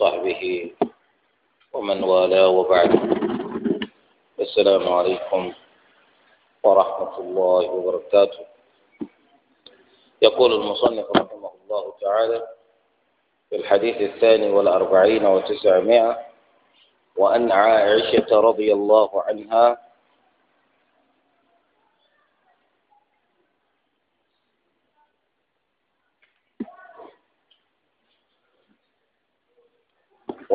وصحبه ومن والاه وبعد السلام عليكم ورحمة الله وبركاته يقول المصنف رحمه الله تعالى في الحديث الثاني والأربعين وتسعمائة وأن عائشة رضي الله عنها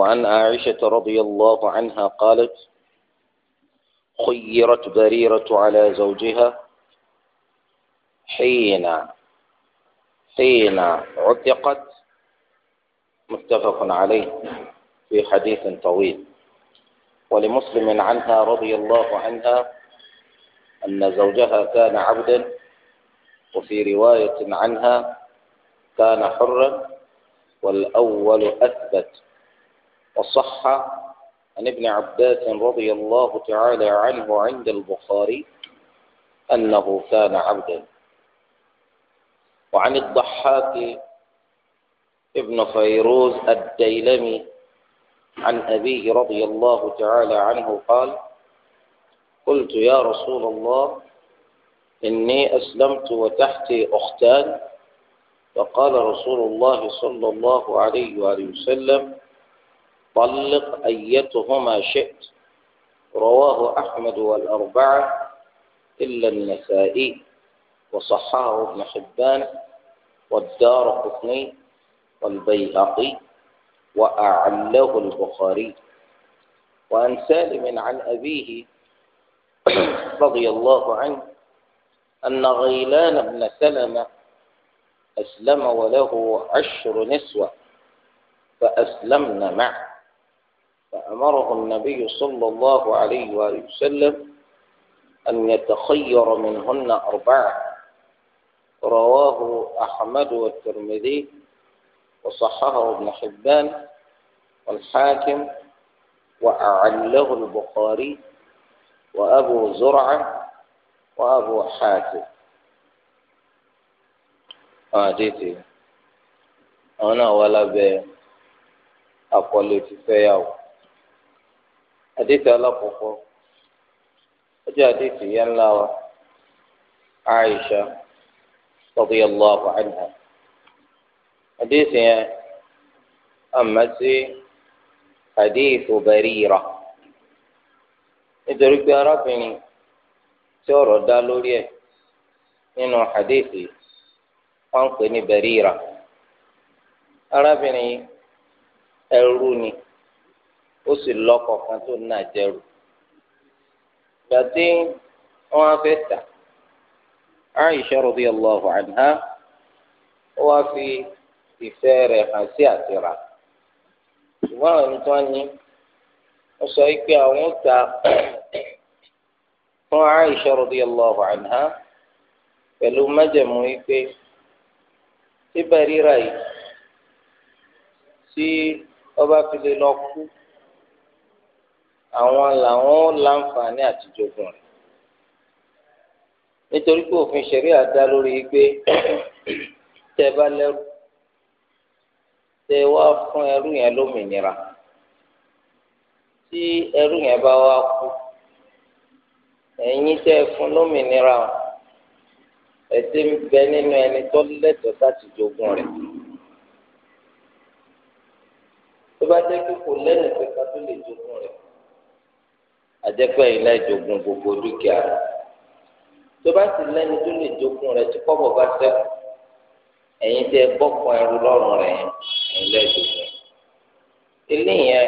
وعن عائشة رضي الله عنها قالت خيرت بريرة على زوجها حين حين عتقت متفق عليه في حديث طويل ولمسلم عنها رضي الله عنها أن زوجها كان عبدا وفي رواية عنها كان حرا والأول أثبت وصح عن ابن عباس رضي الله تعالى عنه عند البخاري أنه كان عبدا وعن الضحاك ابن فيروز الديلمي عن أبيه رضي الله تعالى عنه قال قلت يا رسول الله إني أسلمت وتحتي أختان فقال رسول الله صلى الله عليه وآله وسلم طلق أيتهما شئت رواه أحمد والأربعة إلا النسائي وصححه ابن حبان والدار قطني والبيهقي وأعله البخاري وعن سالم عن أبيه رضي الله عنه أن غيلان بن سلمة أسلم وله عشر نسوة فأسلمن معه فأمره النبي صلى الله عليه وآله وسلم أن يتخير منهن أربعة رواه أحمد والترمذي وصححه ابن حبان والحاكم وأعله البخاري وأبو زرعة وأبو حاتم آديتي آه، أنا ولا بي أقول في فياو حديث على قفو وجاء حديث ينلا عائشة رضي الله عنها حديث أما سي حديث بريرة nítorí pé arábìnrin tí ọ̀rọ̀ dá lórí ẹ̀ nínú hadithi wọ́n ń pè ní bẹ̀ríra arábìnrin ẹrú ni. ó sì lọkọ kan tó ní àjẹrù ìgbà tí wọ́n fẹ́ tà Aisha radiyallahu anha ó wá fi ìfẹ́ rẹ̀ hàn sí àtìrà ṣùgbọ́n àwọn ẹni ní wọ́n sọ pé àwọn ta fún Aisha pẹ̀lú májẹ̀mú àwọn làwọn láǹfààní àtijọ́gùn rẹ̀ nítorí pé òfin ṣẹ̀ríà dá lórí pé tẹ́ bá lẹ́rú tẹ́ wá fún ẹrú yẹn lómìnira tí ẹrú yẹn bá wá kú ẹ̀yin tẹ́ fún lómìnira ẹtí ń bẹ nínú ẹni tó lẹ́tọ̀ọ́ láti rẹ̀ tó bá jẹ́ pé kò lẹ́nu pé ká tó lè jogún rẹ̀ àjẹpẹ́ yìí láì jogún gbogbo dúkìá rẹ̀ tó bá sì lẹ́ni tó lè jogún rẹ̀ tí kọ́bọ̀ bá ṣẹ́kù ẹ̀yin tẹ́ bọ́kàn ẹrú lọ́rùn rẹ̀ ẹ̀yin láì jogún eléyìí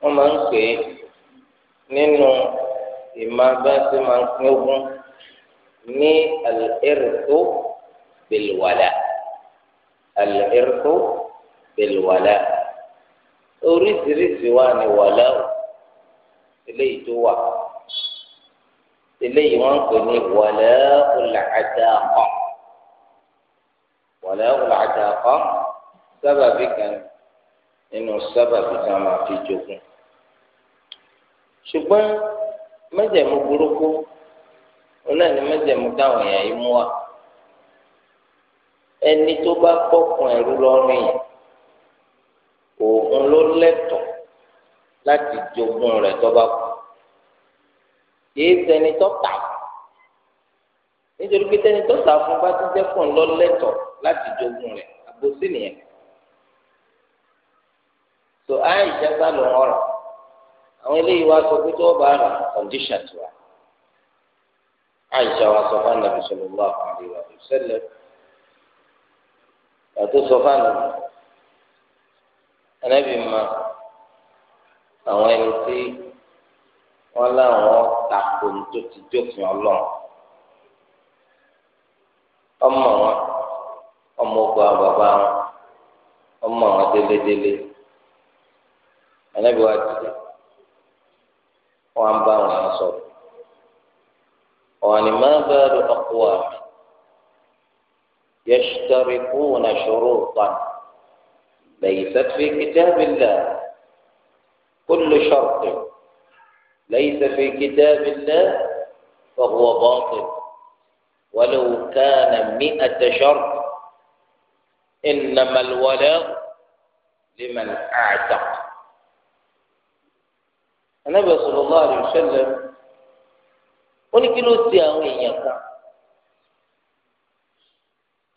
wọ́n máa ń pè é nínú ìmọ̀ abẹ́ tó máa ń pín ogún ní al-irthu bil-wala oríṣiríṣi wà ní wàlá o eléyìí tó wà eléyìí wọn ń pè ní wala'ul 'ataqa wala'ul 'ataqa sábàbí kan nínú sábàbí kan máa fi jogún ṣùgbọ́n mẹ́jẹ̀mú burúkú wọn náà ní mẹ́jẹ̀mú táwọn èèyàn yìí mú wa ẹni tó bá bọ́kùn ẹ̀rú lọ́rùn yìí òun ló lẹ́tọ̀ọ́ láti jogún rẹ̀ tó bá kú kìí sẹni tó tà nítorí pé sẹni tó tà fún bá ti jẹ́ fún lọ́lẹ́tọ̀ láti jogun rẹ̀ àbòsí nìyẹn tó àìjẹ́ sá ló ń ọ̀rọ̀ àwọn eléyìí wá sọ pé tó bá rà kọ́ndíṣà tó wà àìjẹ́ wa sọ fún anabi sọlọ lọ́wọ́ àwọn àdìwà tó ṣẹlẹ̀ yàtọ̀ sọ fún anabi anabi ma àwọn ẹni tí wọ́n láwọn tako ní tó ti jófin ọlọ́run ọmọ wọn ọmọ ogun àwọn bàbá wọn ọmọ wọn délédélé ẹnẹbí wa dìde wọn bá wọn sọ̀rọ̀ wọn ni máa bá a lọ ọkọ wa yẹsùtọrì kúùnà ṣòro kan lẹ́yìn sẹfì kìtàbí là kúlù ṣọọkì. ليس في كتاب الله فهو باطل ولو كان مئة شرط إنما الولاء لمن أعتق النبي صلى الله عليه وسلم ونكلو لو تياوين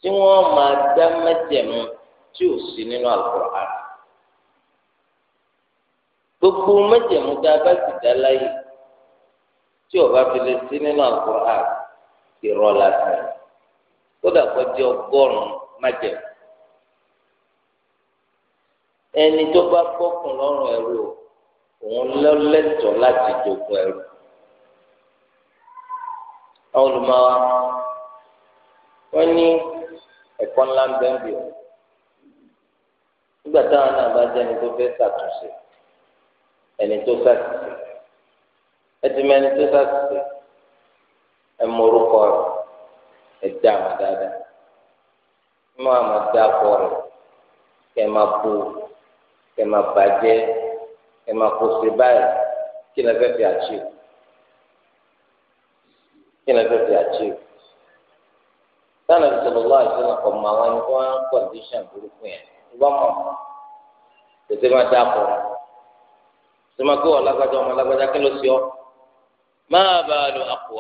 tí wọn máa dá mẹjẹmú tí gbogbo mẹjẹmú tá a bá ti dá láyè tí o fi lè sí nínú àkùrá ìrọ̀ lásán kódà kó di ọgọ́rùn-ún mẹjẹmú ẹni tó bá bọ́kùn lọ́rùn ẹrú òun lọ́lẹ́tọ̀ láti jogún ẹrú àwọn olùmọ̀wá wọ́n ní ẹ̀kọ́ ńlá ń bẹ́ẹ̀ bí o nígbà táwọn náà bá jẹ́ ẹni tó fẹ́ ṣàtúnṣe. ẹni tó sàtìsì ẹtìmọ ẹni tó sàtìsì ẹmọrúkọ rẹ ẹdá àmà dáadáa mọ àmà rẹ kẹmà bò kẹmà bàjẹ kẹmà báyìí kí fi àtìw kí ni fi àtìw sanni bisalòlá àti àwọn ẹni tó sọma kí wọn lágbájá ọmọ lágbájá kí ló sì ọ máa bá a lo àpò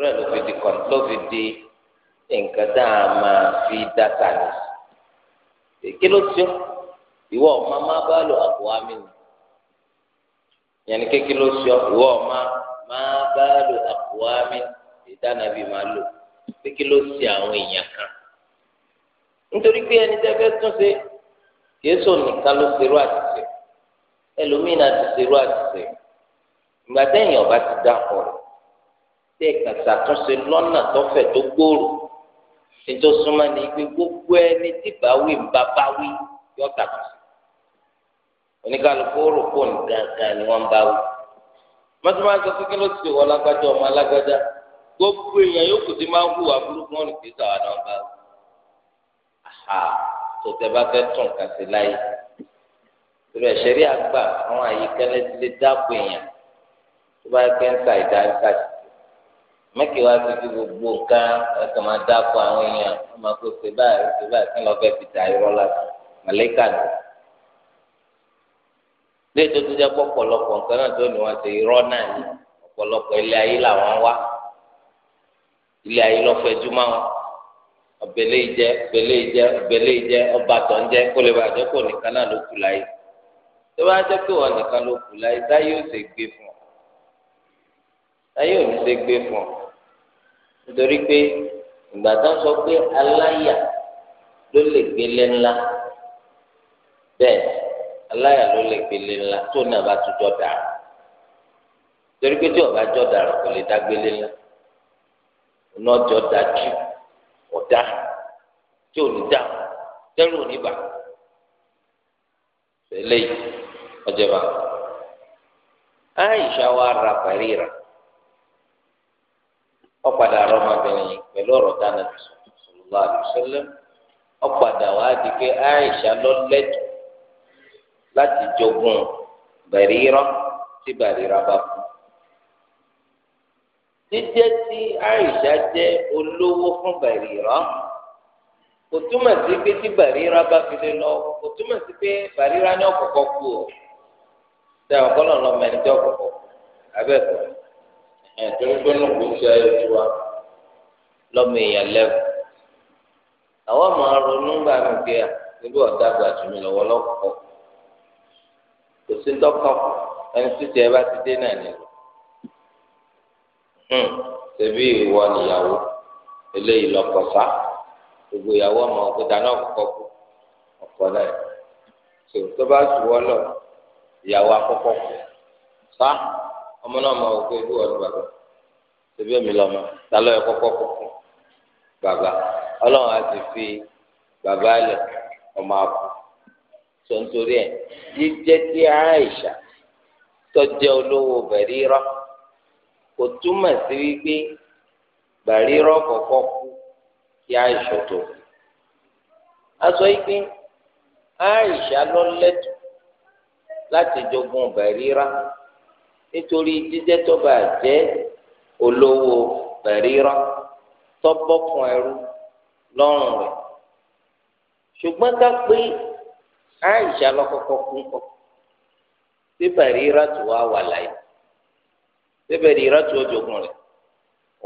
rẹ ló fi di kọ́ni ló fi di nǹkan tá a máa fi dá tani kí ló sì ọ ìwọ ọmọ máa bá a lo àpò àmì ni yẹnni kékeré ló sì ìwọ ọmọ máa bá a lo àpò àmì ìdánabi máa lò kékeré ló sì àwọn èèyàn kan nítorí pé ẹni tẹ́ fẹ́ tún ṣe kìí sọ nìkan ló ṣerú àti ṣe ẹlòmíín náà ti ṣerú àtìṣe ìgbà tẹ́yìn ọba ti dákọ̀ rẹ̀ tẹ́ kàṣàtúnṣe lọ́nà tọ́fẹ̀ tó gbòòrò ètò súnmọ́ ní pé gbogbo ẹni tí báwí ń bá báwí yọ tàkùsì oníkàlùkù ó rò pò ní ni wọ́n ń báwí mọ́tò máa ń sọ pé kí ló ti wọ lágbájá ọmọ alágbájá gbogbo èèyàn yóò kù sí máa ń hùwà burúkú wọn nìkejì àwọn náà báwí àhà tòtẹ́ bá fẹ́ tún kàṣí láyé. torí ẹ̀ṣẹ̀rí àgbà àwọn àyíká lẹ́sí lè dáàbò èèyàn tó bá pẹ́ ń ta ìdá ìta mẹ́kẹ̀wá ti fi gbogbo nǹkan ẹ̀sẹ̀ máa dáàbò àwọn èèyàn wọ́n máa kó ṣe báyìí ṣe báyìí kí lọ́ọ́ fẹ́ fi ta irọ́ lásán màlẹ́kà ni. lé tó jẹ́ nǹkan náà tó ní wọ́n ṣe irọ́ náà ni ọ̀pọ̀lọpọ̀ ilé ayé làwọn wá ilé ayé tó bá jẹ́ pé wọ́n nìkan ló kù láyé táyé ò ṣe gbé fún ọ táyé ò ní ṣe gbé fún ọ nítorí pé ìgbà tó ń sọ pé aláyà ló lè gbélé ńlá bẹ́ẹ̀ aláyà ló lè gbélé ńlá tó náà bá tún jọ dàrú torí pé tí ọba jọ dàrú kò lè dá gbélé ńlá náà jọ dájú ọ̀dá tí ò ní dá tẹ́rù ò eléyìí ọjọba aisha wa ra barira ọpadà rọmọbìnrin pẹ̀lú ọ̀rọ̀ dáná sọlọlá àdùsọlẹ ọpadà wa di pé aisha lọ lẹtọ láti jogún barira Ti barira bá kú jíjẹ tí aisha jẹ olówó fún barira kò túmọ̀ sí pé tí barira bá fi lè lọ kò túmọ̀ sí pé barira ní ọ̀kọ̀ọ̀kọ̀ kú o tẹ ọgọlọ lọ mẹni tí ọkọkọ abẹ kọ ẹ torí pé nù kò sí ayé tiwa lọmọ èèyàn lẹwù àwọn máa ronú gbà mí pé à níbi ọ̀dà gbàjú mi lọ́wọ́ lọ́kọ̀ọ́ kò sí dọ́kàn ẹni tí tiẹ̀ bá ti dé náà nílò hmm, ṣebí ìwọ nìyàwó eléyìí lọkọ sá gbogbo ìyàwó ọmọ òkúta náà kọ́kọ́ kú ọkọ náà tó bá sùn wọ́lọ̀ ìyàwó àkọ́kọ́ kù fa ọmọ náà máa wò pé bí wọn bàbá ṣẹbi èmi lọmọ ta ló yẹ kọ́kọ́ kù fún bàbá Ọlọ́run á ti fi bàbá lẹ ọmọ àpò tó ń ẹ jíjẹ tí Aisha tọjẹ olówó Barira kò túmọ̀ sí wípé Barira kọ́kọ́ kú kí Aisha tó aṣọ yìí pé Aisha lọ lẹ́tọ̀ọ́ láti jogun bẹ̀ríra nítorí jíjẹ́ tọ́ba jẹ́ olówó bẹ̀ríra tọ́bọ̀kùn ẹrú lọ́rùn rẹ̀ ṣùgbọ́n ká pé Àìṣà lọ́kọ́kọ́ kú kọ́ ṣé bẹ̀ríra tó wá wà láyé ṣé bẹ̀ríra tó jogun rẹ̀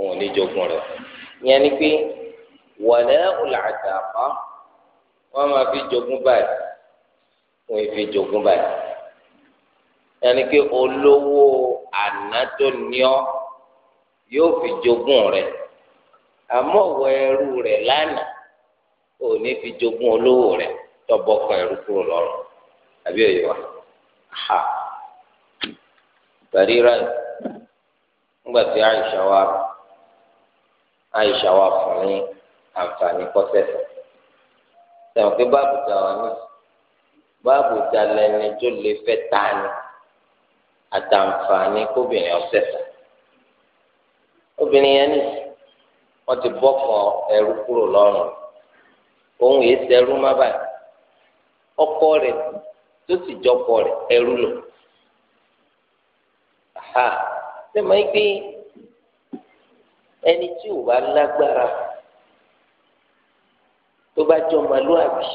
òun ní jogun rẹ̀ ìyẹn ni pé wàlẹ́ ọ̀làdàpá wọ́n máa fi jogun báyìí wọ́n fi jogun báyìí. yẹnni pé olówó ànádọ́niọ́ yóò fi jogún rẹ̀ àmọ́ ọ̀wọ́ ẹrú rẹ̀ lánàá ò ní fi jogún olówó rẹ̀ tọ́bọ̀kọ ẹrú kúrò lọ́rùn àbí òye wa ha Barira nígbà tí Aisha wa Aisha wa fún ní àǹfààní kọ́sẹ́sẹ̀ sẹ̀wọ̀n pé báàbù ta wà ní báàbù ta lẹni tó lè fẹ ta àtàǹfààní kóbìnrin ọ̀sẹ̀ tà obìnrin yẹn ní wọ́n ti bọ́kàn ẹrú kúrò lọ́rùn òun yìí sẹ́rú má báyìí ọkọ rẹ̀ tó sì jọkọ rẹ̀ ẹrú lò ha ṣé máa ń gbé ẹni tí ò bá lágbára tó bá jọ màlúàbí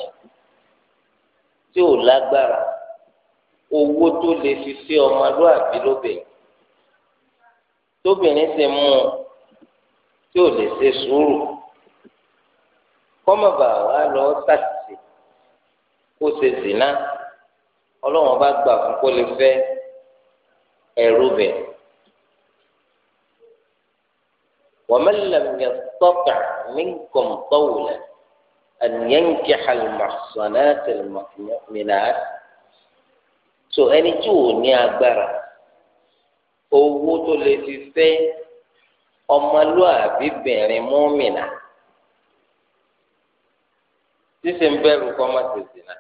tí ò lágbára owó tó lè fi fẹ́ ọmọlúwàbí lóbìnrin tóbìnrin sì mú un tí ò lè ṣe sùúrù kọ́mọ̀bà wa lọ sàṣìṣe kó ṣe zìnà ọlọ́run bá gbà fún kó lè fẹ́ ẹ̀rú bẹ̀. ومن لم يستطع منكم طولا أن ينكح المحصنات so ẹni tí ò ní agbára owó tó lè fi fẹ́ ọmọlúwàbí bìnrin mọ́mìnà sísè ń bẹ̀rù kọ́ má ti zìnà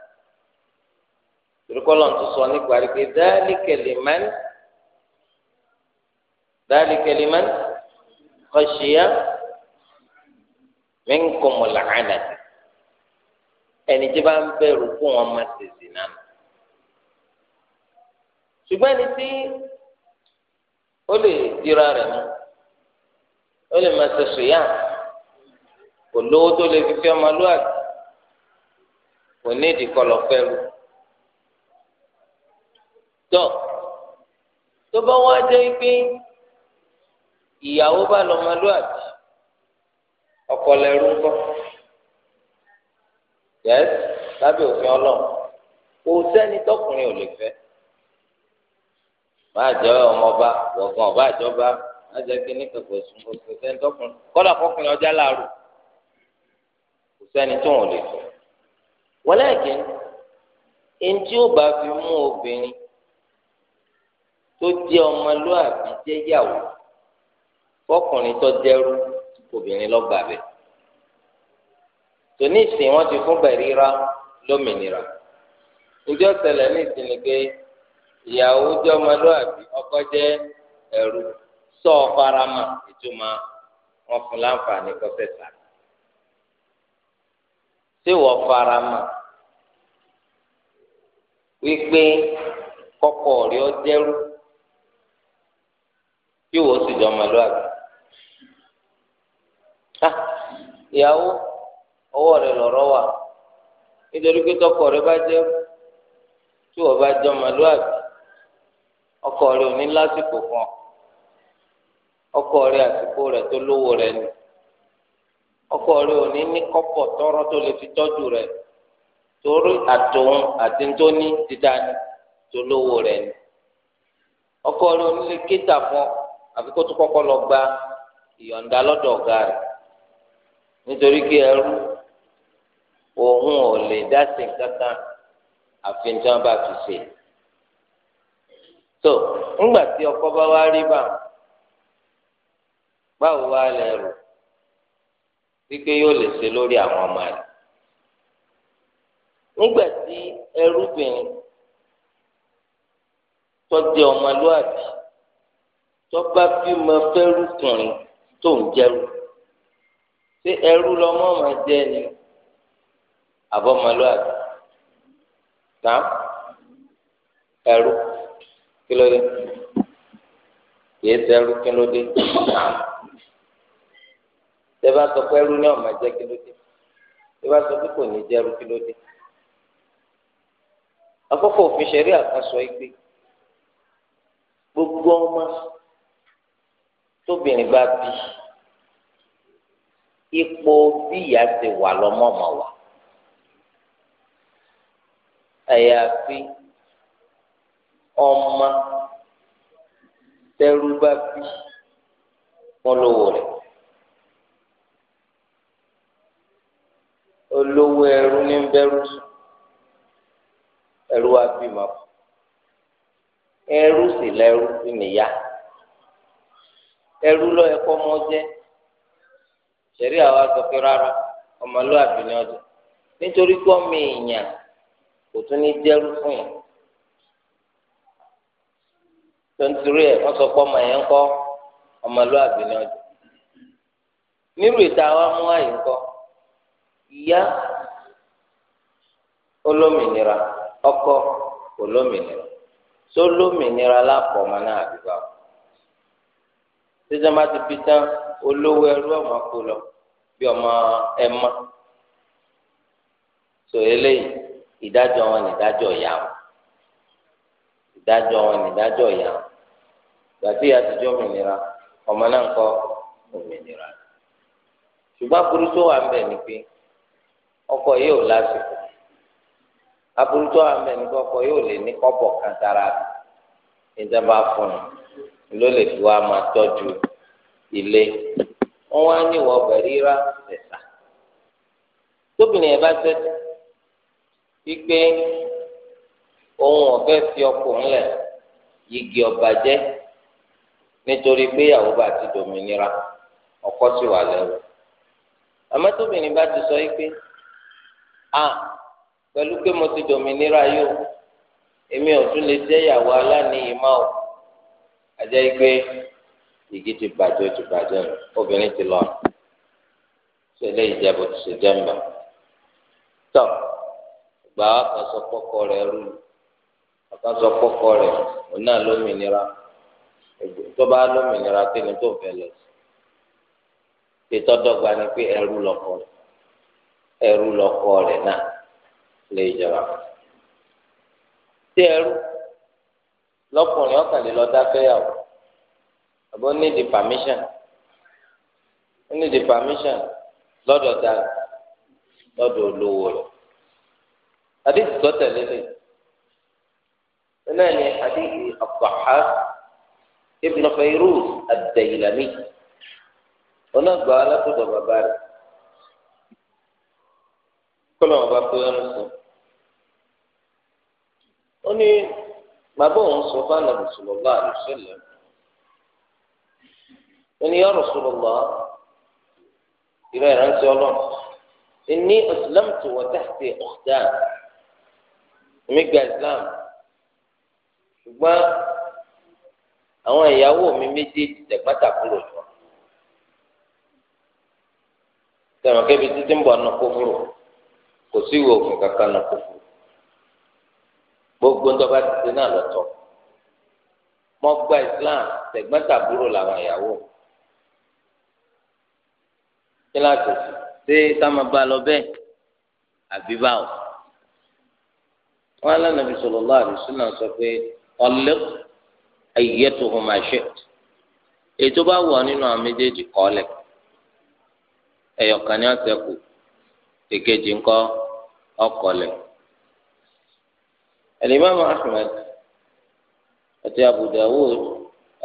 tòlùkọ́lọ́ tó sọ nípa rí pé dáálíkẹ̀lì kọ́ṣíyá mí ń ẹni tí bá ń bẹ̀rù kó wọn má ti zìnà ṣùgbọ́n ẹni tí ó lè dira rẹ̀ mú ó lè máa ṣe sòyà kò lówó tó lè fi fi ọmọlúwàbí kò ní ìdíkọlọ fẹ́rù tó tó bá wá jẹ́ pé ìyàwó bá lọ ọmọlúwàbí ọkọ lẹ́rú ńkọ́ yẹ́sì lábẹ́ òfin ọlọ́run kò sẹ́ni tọkùnrin ò lè fẹ́ bá jẹ ọmọba wọgàn bá jọba má jẹ kí ní kẹkọọ sùn kò sí sẹni tọkùn kọlà kọkùnrin ọjà láàrú kò sẹni tó wọn lè fẹ wọlé ẹkẹ ẹni tí ó bá fi mú obìnrin tó jẹ ọmọlúwàbí jẹ yàwó fọkùnrin tó dẹrú obìnrin lọgbà bẹ tòní ìsìn wọn ti fún Bẹ̀rírà lómìnira ǹjẹ́ ó ní ìsìn ni ìyàwó jẹ́ ọmọlúwàbí ọkọ jẹ ẹrú sọ ọfarama ìtumọ̀ wọn fún láǹfààní kọfẹ sàrà tí wọ́n farama wípé kọ́kọ́ rẹ̀ ọ dẹ́rú tí wọ́n sì jọ ọmọlúwàbí ìyàwó wà nítorí ọkọ rẹ ò ní lásìkò fún ọ ọkọ rẹ àsìkò rẹ tó lówó rẹ ni ọkọ rẹ ò ní ní kọ́pọ̀ tọrọ tó lè fi tọ́jú rẹ torí àtòun àti ntóní títa ni tó lówó rẹ ni ọkọ rẹ ò ní lè kíta fún ọ àfi kó tó kọ́kọ́ lọ gba ìyọ̀ǹda lọ́dọ̀ ọ̀gá rẹ nítorí kí ẹrú òun ò lè dá sí nǹkan kan àfi tí bá fi ṣe tó ńgbà tí ọkọ bá wá rí bá báwo wá lẹ rò wípé yóò lè ṣe lórí àwọn ọmọ rẹ nígbà tí ẹrúbìnrin tọ́jú ọmọlúwàbí tọ́ba bímọ fẹ́rùkùnrin tó ń jẹ́rú ṣé ẹrú lọ́mọ máa jẹ́ ni àbọ̀mọlúwàbí náà ẹrú kí ló dé kìí sẹ́rú kí ló dé tẹ́bá sọ pé ẹrú ní ọ̀ma jẹ́ kí ló dé tẹ́bá sọ pé kò ní jẹ́ ẹrú kí ló dé akọ́kọ́ òfin ṣẹ̀rí àkànṣọ igbe gbogbo ọmọ tóbìnrin bá bí ipò bí ìyá ti wà lọ́mọ́ ọmọ wa àyàfi. ọma tẹrú bá bí kọlọwọ rẹ olówó ẹrú ní bẹ̀rù sùn ẹrú wa bí ma kú ẹrú sì lẹrú sí nìyá ẹrú lọ ẹkọ mọ jẹ sẹrí àwa sọ pé rárá ọmọlúwàbí ni ọjọ́ nítorí gbọmọ èèyàn kò tún ní jẹrú fún yẹn. tontiri ẹ wọn sọ pé ọmọ yẹn ń kọ ọmọlúwàbí ni wa mú àyè ọkọ olómìnira sólómìnira lápò ọmọ náà àbíbá tẹsán ti fi tán olówó ọmọ kó lọ bí ọmọ tó eléyìí wọn ni ìdájọ́ wọn gbàtí àtijọ́ òmìnira ọmọ náà ń kọ́ òmìnira ṣùgbọ́n aburú tó wà ń bẹ̀ ni pé ọkọ yóò lásìkò aburú wà ń bẹ̀ ni pé ọkọ yóò lè ní kọ́bọ̀ kan sára rẹ̀ ìjọba fún un ló lè fi wá máa tọ́jú ilé wọn wá ní ìwọ bẹ̀rírà tẹ̀sà tóbìnrin yẹn bá tẹ́tí wípé òun ọ̀fẹ́ fi ọkọ ńlẹ̀ yìgì ọ̀bàjẹ́ nítorí pé ìyàwó bá ti dòmìnira ọkọ sì wà lẹ́wọ̀ àmọ́ tóbìnrin bá ti sọ yìí pé a pẹ̀lú pé mo ti dòmìnira yìí o èmi ò tún lè jẹ́ ìyàwó aláníyìí má o àjẹ́ yìí pé igi ti bàjẹ́ ti bàjẹ́ nù obìnrin ti lọ ṣe lè jẹ́ bó ti ṣe jẹ́ ń bà tọ́ gbàá kan sọ pọ́kọ rẹ̀ rú kan sọ pọ́kọ rẹ̀ òun náà lómìnira. tó bá lómìnira pé ní tó fẹ́ lọ sí ètò ọdọgba ni pé ẹrú lọkọ ẹrú lọkọ rẹ náà lè jọra tí ẹrú lọkùnrin ọkànlélọ́dá fẹ́yàwó àbọ̀ ní di permission ní di permission lọdọ ta lọdọ olówó rẹ̀ àdéhùn tó tẹ̀lé lé náà ni àdéhùn àpàhà. ibn fayruz ad-daylami onágbà alátọ̀dọ̀ bàbá rẹ̀ kọ́lọ̀ ọba pé ẹnu sọ ó ní bàbá òun sọ fún anabi sallallahu alaihi wasallam ó ní ya Rasulullah ìrọ̀ ìrántí ọlọ́run inni aslamtu wa tahti ukhtan mi gba islam ṣùgbọ́n àwọn ìyàwó mi méjèèjì tẹ̀gbọ́ntàbúrò ni wọn tẹ̀wọ̀n kébi títí ń bọ̀ ọ̀nà kófòrò kò sí ìwé òfin kankan ọ̀nà kófòrò gbogbo ń dọ́gba títí náà lọ́tọ̀ mọ́ gba Islam tẹ̀gbọ́ntàbúrò làwọn ìyàwó kíláàsì ṣé táwọn bá lọ bẹ́ẹ̀ àbí báwọn wọn alẹ́ nàbí sallallahu alaihi wasallam sọ pé ọ̀lẹ́kùn ayyatuhuma shi'ta ètò bá wọ̀ nínú àwọn méjèèjì kọ́lẹ̀ ẹ̀yọ̀kan ní ọ̀sẹ̀ kù èkejì ńkọ́ ọkọ̀lẹ̀ al-Imam Ahmad àti Abu Dawud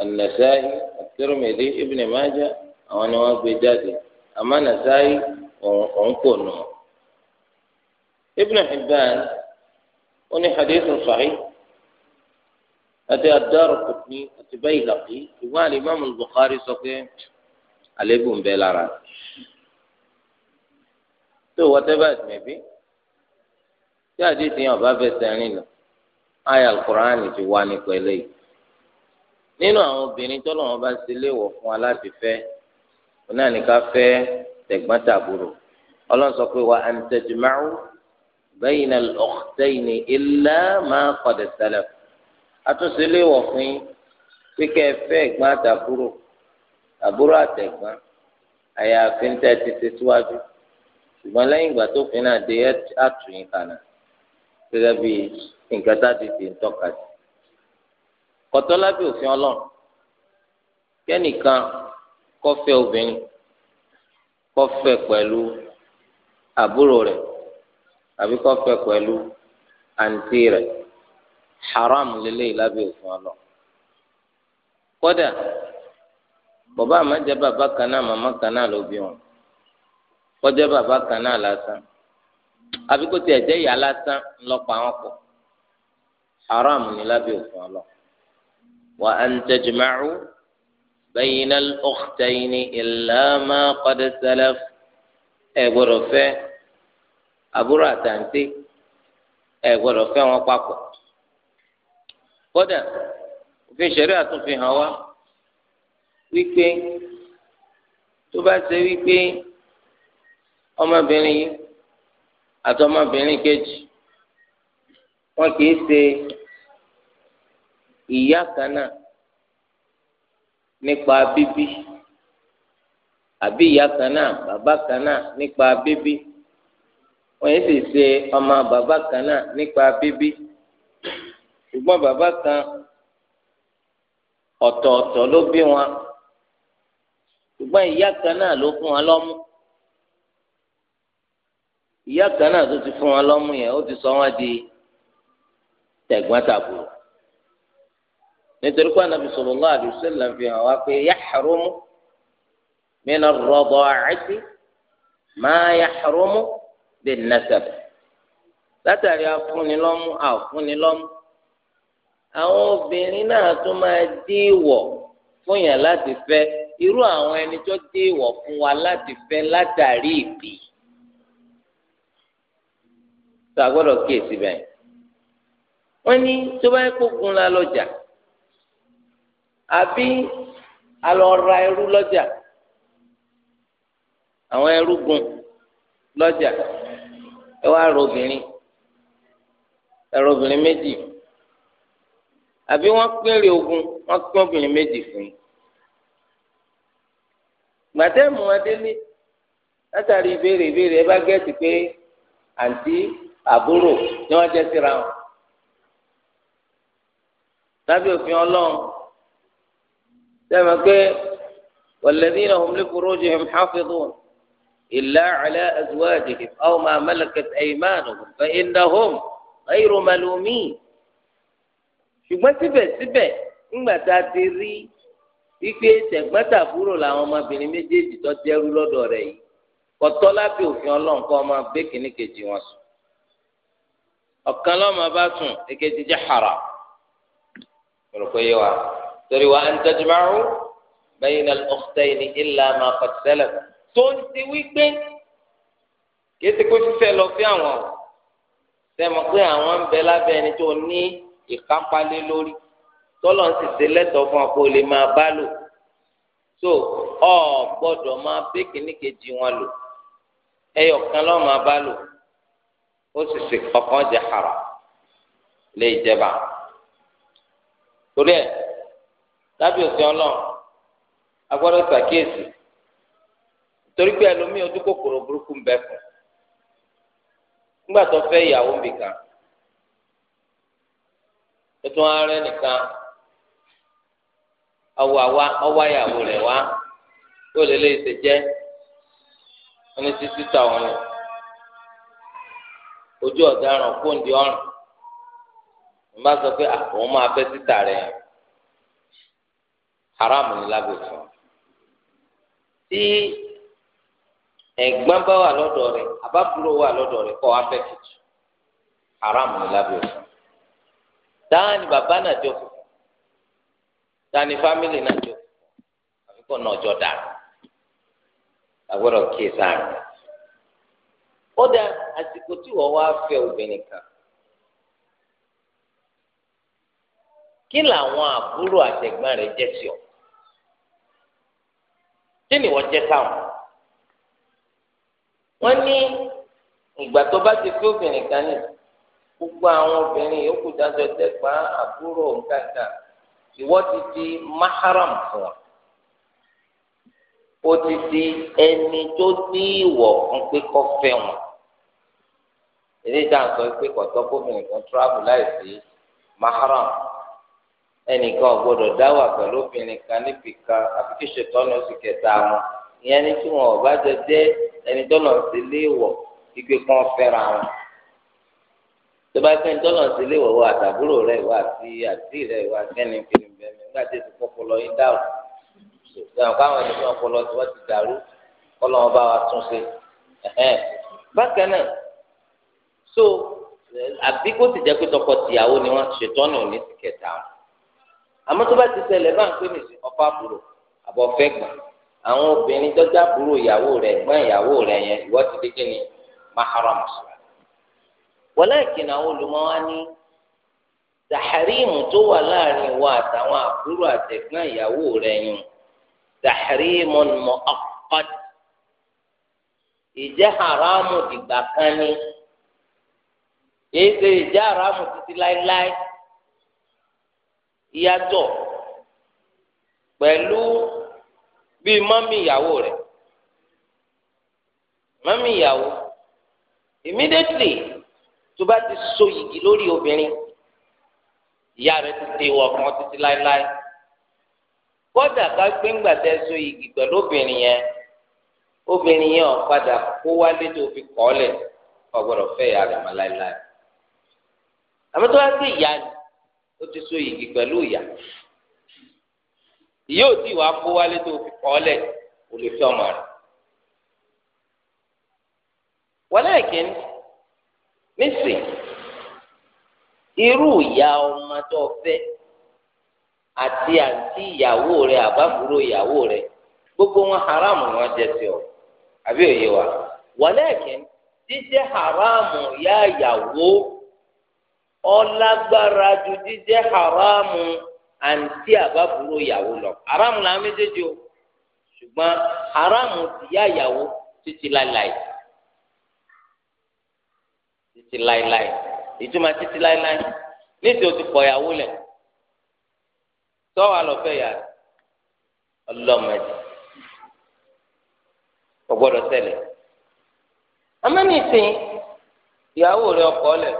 an-Nasa'i at-Tirmidhi Ibn Majah àwọn ni wọ́n gbé jáde àmọ́ Nasa'i òun kò nù Ibn Hibban ó ní hadith sahih àti Ad-Daraqutni àti Baylaqi ṣùgbọ́n Al-Imam Bukhari sọ pé àlébù ń bẹ lára tó whatever it may be tí àdìsí yẹn ọba fẹsẹ̀ rìn lọ ayé Al-Qur'ani ti wá nípa eléyìí nínú àwọn obìnrin tó lọ́wọ́ bá ṣe léèwọ̀ fún wa láti fẹ́ náà ní ká fẹ́ tẹ̀gbọ́n-tàbúrò ọlọ́run sọ pé wa an tajma'u bayna al-ukhtayni illa ma qad salaf àtúnṣe léwọ̀ fún yín pé kẹ́ ẹ fẹ́ ẹ̀gbọ́n àtàbúrò àbúrò àtẹ̀gbọ́n àyàfi ń tẹ́ ti ṣe síwájú ṣùgbọ́n lẹ́yìn ìgbà tó fin náà dé àtúnyìn kànà gẹ́gẹ́ bí nǹkan tá a ti fi ń tọ́ka sí. kọ̀tọ́ lábẹ́ òfin ọlọ́run kẹ́nìkan kó obìnrin kó fẹ́ àbúrò rẹ̀ àbí kó fẹ́ àǹtí rẹ̀ haram lélẹ́yìí lábẹ́ òfin ọlọ kódà bàbá àmàjẹ bàbá kan náà màmá kan náà ló bí wọn kọjá bàbá kan náà lásán àbí kó tiẹ̀ jẹ́ ìyá lásán ńlọpọ̀ àwọn pọ̀ haram ní lábẹ́ òfin ọlọ wa an tajma'u bayna al-ukhtayni illa ma qad salaf ẹ gbọ́dọ̀ fẹ́ àbúrò àtàǹtí ẹ gbọ́dọ̀ fẹ́ wọn papọ̀. kódà òfin ṣẹ̀rí àtúnfi hàn wá wípé tó bá ṣe wípé ọmọbìnrin yìí àti ọmọbìnrin kejì wọn kì í ṣe ìyá kan náà nípa bíbí àbí ìyá kan náà bàbá kan náà nípa bíbí wọn yìí sì ṣe ọmọ bàbá kan nípa bíbí. ṣùgbọ́n bàbá kan ọ̀tọ̀ọ̀tọ̀ ló bí wọn ṣùgbọ́n ìyá kan náà ló fún wọn lọ́mú ìyá kan náà tó ti fún wọn lọ́mú yẹn ó ti sọ wọn di tẹ̀gbọ́n-tàbúrò nítorí pé anabi sallallahu alaihi wasallam fi hàn wá pé yahrumu min ar-rada'ati ma yahrumu bin nasab látàrí afúnilọ́mú àfúnilọ́mú àwọn obìnrin náà tún máa dé ìwọ̀ fún yàn láti fẹ́ irú àwọn ẹni tó dé ìwọ̀ fún wa láti fẹ́ látàrí ìbí tó a gbọ́dọ̀ kíyèsí bẹ́ẹ̀ wọ́n ní tó bá yẹ kó gun la lọ́jà àbí alọ́ra ẹrú lọ́jà àwọn ẹrú gun lọ́jà ẹ wá rọ obìnrin ẹ rọ obìnrin méjì àbí wọ́n péré ogun wọ́n pín obìnrin méjì fún yín. gbàtẹ́mù adélé látàrí ìbéèrè ìbéèrè ẹ bá gẹ̀ẹ́sì pé àǹtí àbúrò ni wọ́n jẹ́ síra wọn. lábẹ́ òfin ọlọ́run sẹ́mi pé والذين هم لفروجهم حافظون إلا على أزواجهم أو ما ملكت أيمانهم فإنهم غير ملومين ṣùgbọ́n síbẹ̀síbẹ̀ ńgbà tá a ti rí wípé tẹ̀gbọ́ntàbúrò làwọn ọmọbìnrin méjèèjì tó dẹrú lọ́dọ̀ rẹ̀ yìí kọ̀tọ́ lábẹ́ òfin ọlọ́run kọ́ ọmọ bẹ́ẹ̀ kìíní kejì wọn sùn ọ̀kan lọ́mọ bá sùn èkejì jẹ́ hàrà rògbò yé wa torí wa an tajma'u bayna al-ukhtayni illa ma qad salaf tó ń ti wípé kí ẹ ti kó fífẹ́ lọ fí àwọn sẹ́mu pé àwọn ń bẹ lábẹ́ ẹni tó ní ìkápálé lórí tọ́lọ̀ ń sèse lẹ́tọ̀ọ́ fún akó lè máa bá lò so ọ gbọ́dọ̀ máa bẹ́ kìnnìkejì wọn lò ẹyọ kan lọ́ọ́ máa bá lò ó sì sì kọ̀ọ̀kan jẹ hàrà lè jẹba torí ẹ lábẹ́ òsì ọlọ́run a gbọ́dọ̀ ṣàkíyèsí torí pé ẹlòmíì ojú kòkòrò burúkú ń bẹ fún un nígbà tó fẹ́ ìyàwó nbìkan tuntun arẹ nìkan awọ awa ọwọ ayàwó rẹ wá tó lè lè ṣe jẹ ẹni títí ta òun ni ojú ọ̀daràn kóńdé ọ̀ràn n bá sọ pé àwọn máa fẹ́ títà rẹ̀ haramu ni lágbèfọ́ tí ẹ̀gbọ́n bá wà lọ́dọ̀ rẹ̀ àbábúrò wà lọ́dọ̀ rẹ̀ kọ́ tuntun haramu ni táà ní bàbá náà jọ táà ní fámìlì náà jọ àfikún náà jọ dà àgbọ̀dọ̀ kí sáà ó dá àsìkò tí wọ́n wá fẹ́ obìnrin kan kí làwọn àbúrò àtẹ̀gbọ́n rẹ̀ jẹ́ sí ọ kí ni wọ́n jẹ́ sáwọn wọ́n ní ìgbà tó bá ti fi obìnrin kan nìyí gbogbo àwọn obìnrin yòókù dájọ tẹgbà àbúrò nǹkankan ìwọ ti di maharam fún wa o ti di ẹni tó ní ìwọ̀ fún pé kọ́ fẹ́ wọn èdè dáa sọ pé kọ̀tọ́ gómìnà kan tíráàbù láìsí maharam ẹnìkan gbọ́dọ̀ dáwà pẹ̀lú obìnrin kan níbi kan àfikẹsẹ tọnà oṣù kẹta wọn ìyẹn ní tí wọn ò bá jẹ jẹ ẹni tọnà sí léèwọ̀ ìgbé kan fẹ́ra wọn tó bá fẹ́ ntọ́nà sí ilé ìwọ̀wọ́ àtàbúrò rẹ̀ ìwà àti àti rẹ̀ ìwà kẹ́ni kìnnì bẹ́ẹ̀ nígbà tí èsì pọpọlọ yín dàrú ìgbàlù káwọn ẹni fún ọpọlọ tí wọ́n ti dàrú kọ́lọ́ wọn bá wa tún ṣe bákan náà so àbí kó ti jẹ́ pé tọkọ-tìyàwó ni wọ́n ṣètọ́nà òní ti kẹta wọn àmọ́ tó bá ti ṣẹlẹ̀ bá ń pè mí sí ọ̀pá àbúrò àbọ̀fẹ́ gbọ̀n àwọn obìnrin dọ́jà àbúrò ìyàwó rẹ̀ gbọ́n ìyàwó rẹ̀ yẹn ìwọ́ ti dé kí ni maharam sọ wọláìkìnnà àwọn olùmọ̀ wa ní tàhárìmù tó wà láàrin wa àtàwọn àbúrò àtẹ̀gbọ́n ìyàwó rẹ̀ yùn tàhárìmù mu'aqqad ìjẹ́ haramu dìgbà kan ni èyí ṣe haramu títí láéláé ìyàtọ̀ pẹ̀lú bíi mọ́mí ìyàwó rẹ̀ mọ́mí ìyàwó immediately tó bá ti so yìgì lórí obìnrin ìyá rẹ ti dé wọ ọkàn títí láéláé kódà ká gbé ńgbà tẹ so yìgì pẹ̀lú obìnrin yẹn obìnrin yẹn ò padà kó wálé tó fi kọ́ lẹ̀ ọ gbọ́dọ̀ fẹ́ ìyá rẹ̀ mọ́ láéláé àmọ́ tó bá ti ìyá ni ó ti so yìgì pẹ̀lú ìyá ìyá ò tí wàá kó wálé tó fi kọ́ lẹ̀ kò ọmọ rẹ̀ wọlé ẹ̀kẹ́ nísìn irú ìyá ọmọ tó fẹ́ àti àǹtí ìyàwó rẹ àbáfúrò ìyàwó rẹ gbogbo wọn haramu wọn jẹ sí ọ àbí òye wa wàlẹ́ẹ̀kìn jíjẹ́ haramu ìyá ìyàwó ọlágbára ju jíjẹ́ haramu àǹtí àbáfúrò ìyàwó lọ haramu làwọn méjèèjì o ṣùgbọ́n haramu ìyàwó títí láláì. títí láéláé ìtumọ̀ títí láéláé níṣẹ́ o ti kọ ìyàwó lẹ̀ tọ́wọ́ àlọ́fẹ́ yà ọlọ́mọdé ọgbọ́dọ̀ tẹ̀lé amẹ́ni ìsìn ìyàwó rẹ̀ ọkọ lẹ̀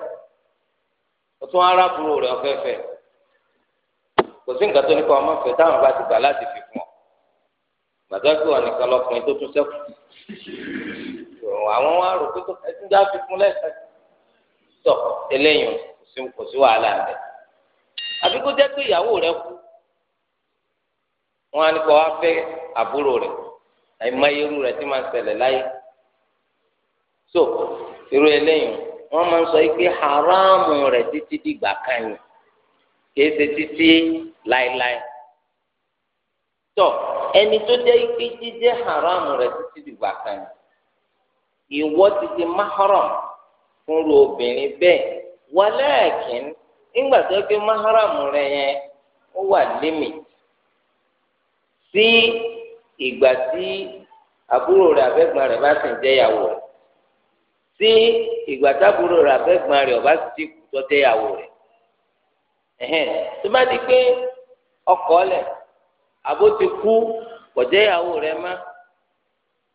ọtún arábùrò rẹ̀ ọfẹ́fẹ́ kò sí nǹkan tó ní kọ́ ọmọ fẹ́ táwọn bá ti gbà láti fi fún ọ gbàgbọ́ pé wọn nìkan lọkùnrin tó tún sẹ́kù àwọn wa rò pé tó ẹtí ń dá fi fún lẹ́sẹ̀ẹ́. tọ eléyìí kò sí wàhálà ń bẹ kó jẹ́ pé ìyàwó rẹ kú wọn á ní kó wá fẹ́ àbúrò rẹ àìmọye irú rẹ ti máa láyé so irú wọn máa ń sọ pé haramu rẹ títí dìgbà kan yìí títí láéláé tọ ẹni tó jíjẹ haramu rẹ títí dìgbà kan maharam. fúnru obìnrin bẹ́ẹ̀ wàlẹ́ẹ̀kìn nígbà tó gbé máhàrámù rẹ yẹn ó wà límì sí ìgbà tí àbúrò rẹ̀ abẹ́gbọ́n rẹ̀ bá sì ń jẹ́yàwó rẹ̀ sí ìgbà tábúrò rẹ̀ abẹ́gbọ́n rẹ̀ ọba sì ti rẹ̀ tó di pé ọkọ lẹ̀ àbó ti rẹ̀ má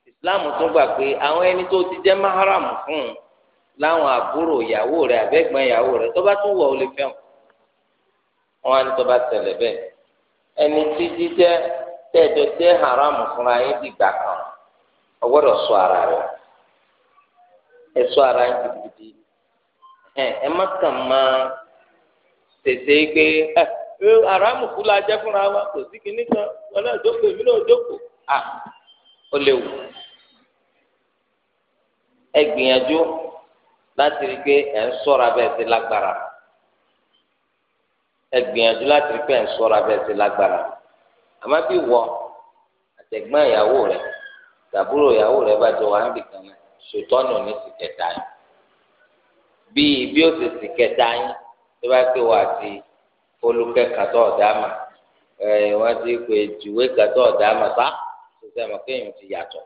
ìsìláàmù gbà pé àwọn ẹni tó jẹ́ máhàrámù fún láwọn àbúrò ìyàwó rẹ àbẹ́gbọ́n ìyàwó rẹ tó bá tún wọ̀ ọ́ lè fẹ́ wọn wọn á ní tó bá tẹ̀lé bẹ́ẹ̀ ẹni tí jíjẹ́ tẹ́ẹ̀jọ jẹ́ haram fúnra yín dìgbà kan ọ gbọ́dọ̀ ṣọ́ ara rẹ ẹ ṣọ́ ara yín gidigidi ẹ ẹ má kàn máa tètè pé ẹ haram fún jẹ́ fúnra wa kò sí kinní kan wọn náà jókòó èmi náà jókòó à ó léwu ẹ gbìyànjú. láti rí pé ẹ̀ ń sọ́ra bẹ́ẹ̀ ti lágbára ẹ gbìyànjú láti rí pé ẹ̀ ń sọ́ra bẹ́ẹ̀ ti lágbára àmọ́ bí wọ àtẹ̀gbọ́n ìyàwó rẹ tàbúrò ìyàwó rẹ bá jọ wà níbi kan náà ṣètọ́nù ní sìkẹta yín bíi bí ó ti sìkẹta yín tó bá pé wà ti olùkẹ́kàtọ́ ọ̀dàmà ẹ̀ wọ́n ti pè jùwé kàtọ́ ọ̀dàmà bá ṣùgbọ́n ẹ̀ mọ̀ kéèyàn ti yàtọ̀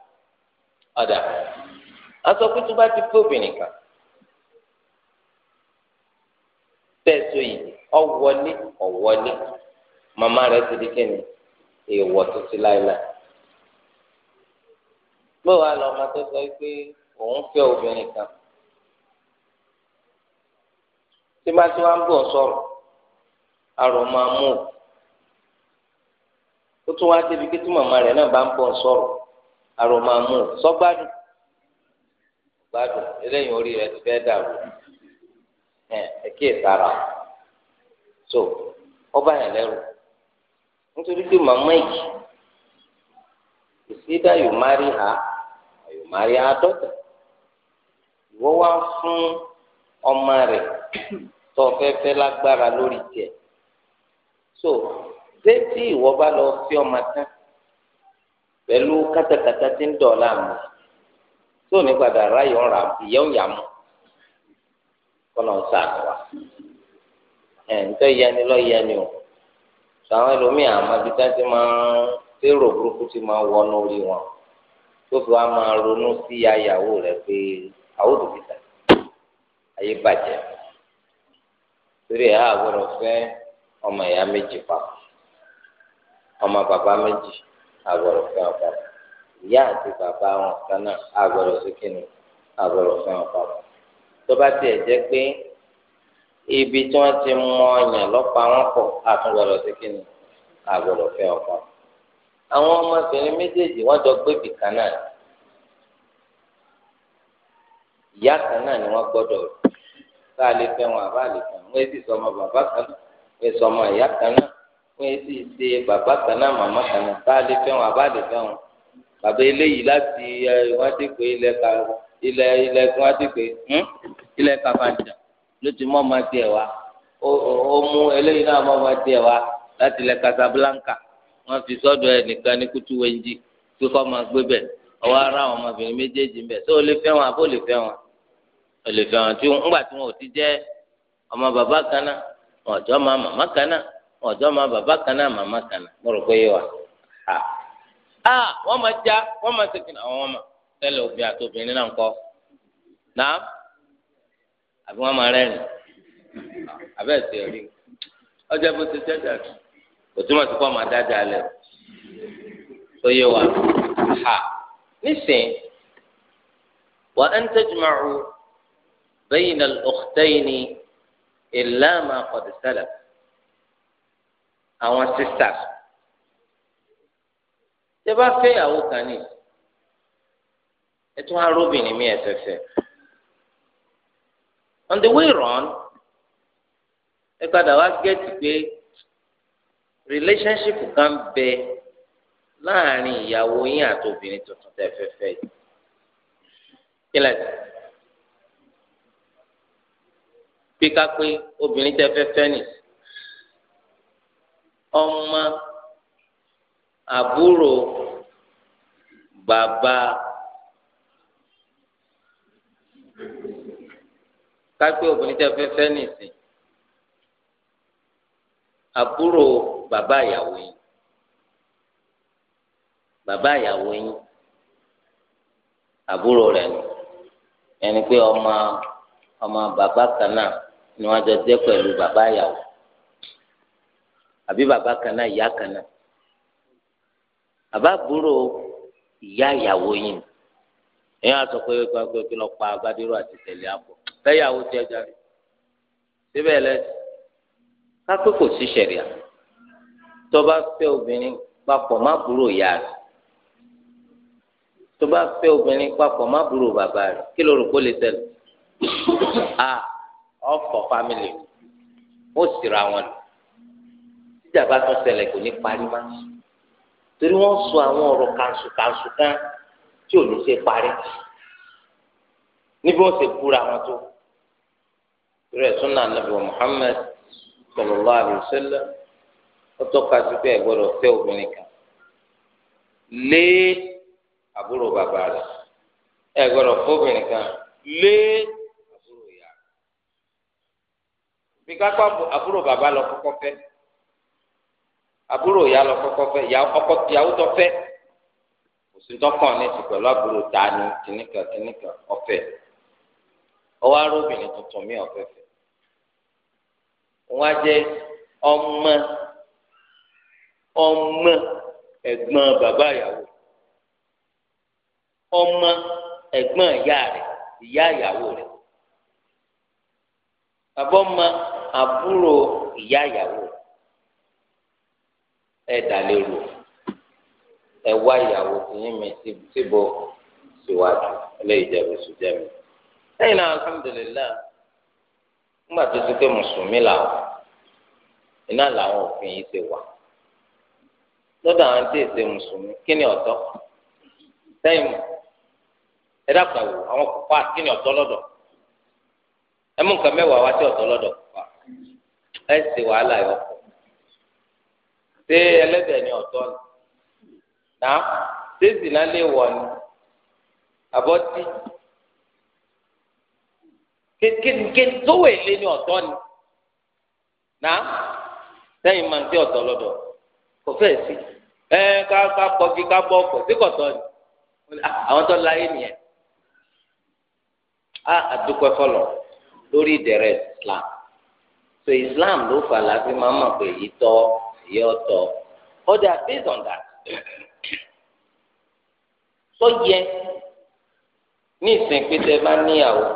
ọ̀dà aṣọ kútu tẹ̀sùn yìí ọ̀wọ́lé ọ̀wọ́lé màmá rẹ̀ ti di kíni èèwọ̀ títí láéláé. bóyá wà lọ́mọ tó sọ pé òun fẹ́ obìnrin kan tí bá tí wàá ń bọ̀ sọ̀rọ̀ àrò máa mú o ó tún wá débi pé tí màmá rẹ̀ náà bá ń bọ̀ sọ̀rọ̀ àrò máa mú o sọ́gbádùn gbádùn eléyìí orí rẹ̀ ti fẹ́ dàrú. ẹ kíyè sára so ọba yẹn lẹ́rù nítorí pé màmá yìí ìsídà yóò má rí ha yóò ha dọ́tà ìwọ wá fún ọmọ rẹ tó fẹ́fẹ́ lágbára lórí tiẹ̀ so tí ìwọ bá lọ fi ọmọ tán pẹ̀lú kátàkátà tí ń dọ̀ láàmú tó ráyọ̀ ń ra kọlọ ń sàmì wa ẹ ǹtọ́ yẹni lọ yẹni o sàwọn ẹlòmíì ti máa ń tèrò burúkú ti máa wọnú orí wọn tó fi wá máa ronú sí ayàwó rẹ pé àwòdù bìtà ayé bàjẹ́ torí ẹ̀ ọmọ ìyá méjì ọmọ bàbá méjì àgbọ̀dọ̀ fẹ́ ìyá àti bàbá wọn kan náà àgbọ̀dọ̀ àgbọ̀dọ̀ fẹ́ wọn tó bá tiẹ̀ jẹ́ pé ibi tí wọ́n ti mọ ọyàn lọ́pàá wọn pọ̀ àtúngbọ̀dọ̀ sí kí ni àgbọ̀dọ̀ fẹ́ ọkọ. àwọn ọmọbìnrin méjèèjì wọ́n jọ gbé ibì kan náà ìyá kan náà ni wọ́n gbọ́dọ̀ tá a lè fẹ́ wọn àbá lè fẹ́ wọn wọ́n èsì sọmọ bàbá kan náà wọ́n èsì ọmọ ìyá kan náà wọ́n èsì ṣe bàbá kan náà màmá kan náà tá a lè fẹ́ wọn àbá lè fẹ́ wọn bàbá eléyìí láti wọ́n ti pè é lẹ́ka ilẹ̀ ilẹ̀ fún adìgbé hmm? ilẹ̀ kàfàǹjà ló ti mọ́ máa tiẹ̀ wá ó mú eléyìí náà mọ́ máa tiẹ̀ wá láti ilẹ̀ Casablanca wọ́n fi sọ́dọ̀ ẹ̀ nìkan ní kútu wẹ́njì kí kọ́ máa gbé bẹ̀ ọwọ́ ara àwọn ọmọbìnrin méjèèjì bẹ̀ tó o lè fẹ́ wọn àbó lè fẹ́ wọn o lè fẹ́ wọn tí ńgbà tí wọn ò ti jẹ́ ọmọ bàbá kana. máa màmá máa bàbá màmá wọ́n máa tẹ́lẹ̀ obìnrin àti obìnrin náà ń kọ́ náà àbí wọ́n máa rẹ́rìn àbẹ́ ẹ̀sẹ̀ rí ọjọ́ bó ti jẹ́jà kò túmọ̀ sí kọ́ máa dájà lẹ̀ tó yé wa ha nísìn wa an tajma'u bayna al-ukhtayni illa ma qad salaf àwọn sisters tẹ́ bá fẹ́ ìyàwó kan nìyí ẹtún arúbìnrin mi ẹfẹfẹ on the way round ẹ padà wá gẹ́tì pé relationship kan bẹ láàrin ìyàwó yín àti obìnrin tuntun tẹ́ fẹ́ fẹ́ yìí kílẹ̀ bí ká pé obìnrin tẹ́ fẹ́ fẹ́ nì ọmọ àbúrò bàbá kápé obìnrin tẹ́ fẹ́ fẹ́ nìsín àbúrò bàbá ìyàwó yín bàbá ìyàwó yín àbúrò rẹ̀ ni ẹni pé ọmọ ọmọ bàbá kan náà ni wọ́n jọ jẹ́ pẹ̀lú bàbá ìyàwó àbí bàbá kan náà ìyá kan náà bàbá àbúrò ìyá ìyàwó yín ni èèyàn sọ pé gbàgbé kí lọ pa abádúró àti tẹ̀lé àbọ̀ bẹ́yàwó jẹ jàre síbẹ̀ lẹ kápẹ́ kò sí ṣẹ̀ríà tó bá fẹ́ obìnrin papọ̀ má búrò ìyá rẹ̀ tó bá fẹ́ obìnrin papọ̀ má búrò bàbá rẹ̀ kí ló rò kó lè tẹ̀lé a ọ̀fọ̀ fámìlì ó sì ra wọn lò tíjà bá tún ṣẹlẹ̀ kò ní parí má torí wọ́n sọ àwọn ọ̀rọ̀ kanṣu kanṣu kan tí ò ní ṣe parí níbi wọn sì kúra wọn tó rẹ súnà nàbì wa Muhammad sallallahu alaihi wasallam ó tọ́ka sí pé ẹ gbọ́dọ̀ fẹ́ obìnrin kan lé àbúrò bàbá rẹ ẹ gbọ́dọ̀ fẹ́ obìnrin kan lé àbúrò ìyá rẹ bí kápá àbúrò bàbá lọ kọ́kọ́ fẹ́ àbúrò ìyá lọ kọ́kọ́ fẹ́ ìyàwó tó fẹ́ òsì tọkàn ní ti pẹ̀lú àbúrò tani kìnnìkan kìnnìkan ọ̀fẹ́ ọwọ arúbìnrin tuntun mi ọfẹfẹ wọn jẹ ọmọ ọmọ ẹgbọn bàbá ìyàwó ọmọ ẹgbọn ìyá rẹ̀ ìyá ìyàwó rẹ̀ bàbá ọmọ àbúrò ìyá ìyàwó ẹ dàlérò ẹ wá ìyàwó tìyín mi síwájú lẹ́yìn náà alhamdulilayi ńgbà tó ti pé mùsùlùmí làwọn iná làwọn òfin yìí ti wà lọ́dọ̀ àwọn tí èsè mùsùlùmí kí ni ọ̀tọ́ sẹ́yìn mu ẹ dàpọ̀ wò àwọn kí ni lọ́dọ̀ ẹ mú nǹkan mẹ́wàá wá sí lọ́dọ̀ ẹ wàhálà yọ ṣé ẹlẹ́dẹ̀ ni ni náà ṣé lè kéńkéń tó wè lé ní ọ̀tọ̀ ni nà sẹ́yìn máa ń tẹ́ ọ̀tọ̀ lọ́dọ̀ kò fẹ́ sí ẹ ká ká kọfí ká bọ́ ọkọ̀ sí kọ̀tọ̀ ni àwọn tó láyé nìyẹn á àdúpẹ́ fọlọ̀ lórí ìdẹ̀rẹ̀ Islam so Islam ló fà láti máa mọ̀ pé èyí tọ́ èyí ọ̀tọ̀ ọ̀dà based on that sọ yẹ ní ìsìn pété bá níyàwó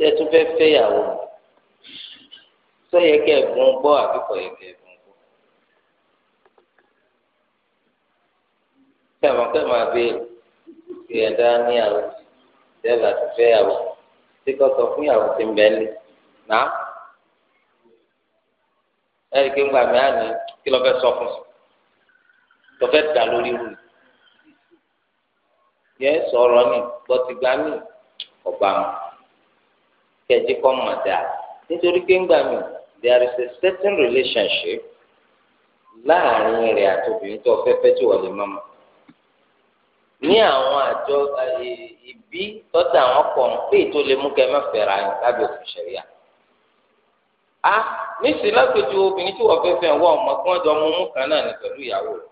tẹ́ tún fẹ́ fẹ́ yàwó sọ yẹ kẹ́ ẹ̀gbọ́n gbọ́ àbíkọ̀ yẹ kẹ́ ẹ̀gbọ́n gbọ́. kí àwọn akẹ́ máa bẹ ìyàdá ní àwọn ìdẹ́gbà tó fẹ́ yàwó tí kò sọ fún yàwó tí ń bẹ́ẹ̀ lé náà ẹ̀rí kí ń gbà mí àná kí ló fẹ́ sọ fún sọ tó fẹ́ dà lórí rú yẹ sọ̀rọ̀ ni bọ́tìgbà mi ọ̀bà mọ́ kẹjí kọ́ mọ̀ dáa nítorí pé ńgbà mi there is a certain relationship láàrin rẹ̀ àti obìnrin tó fẹ́ fẹ́ tí wọ́n lè mọ́mọ́ ní àwọn àjọ ìbí tọ́tà àwọn kan pé tó lè mú kẹ́ má fẹ́ra yín lábẹ́ òfin ṣẹ̀ríà a nísìnyí lápẹjù obìnrin tí wọ́n fẹ́ fẹ́ wọ́n ọmọ kí wọ́n jọ mú mú kan náà ní pẹ̀lú ìyàwó rẹ̀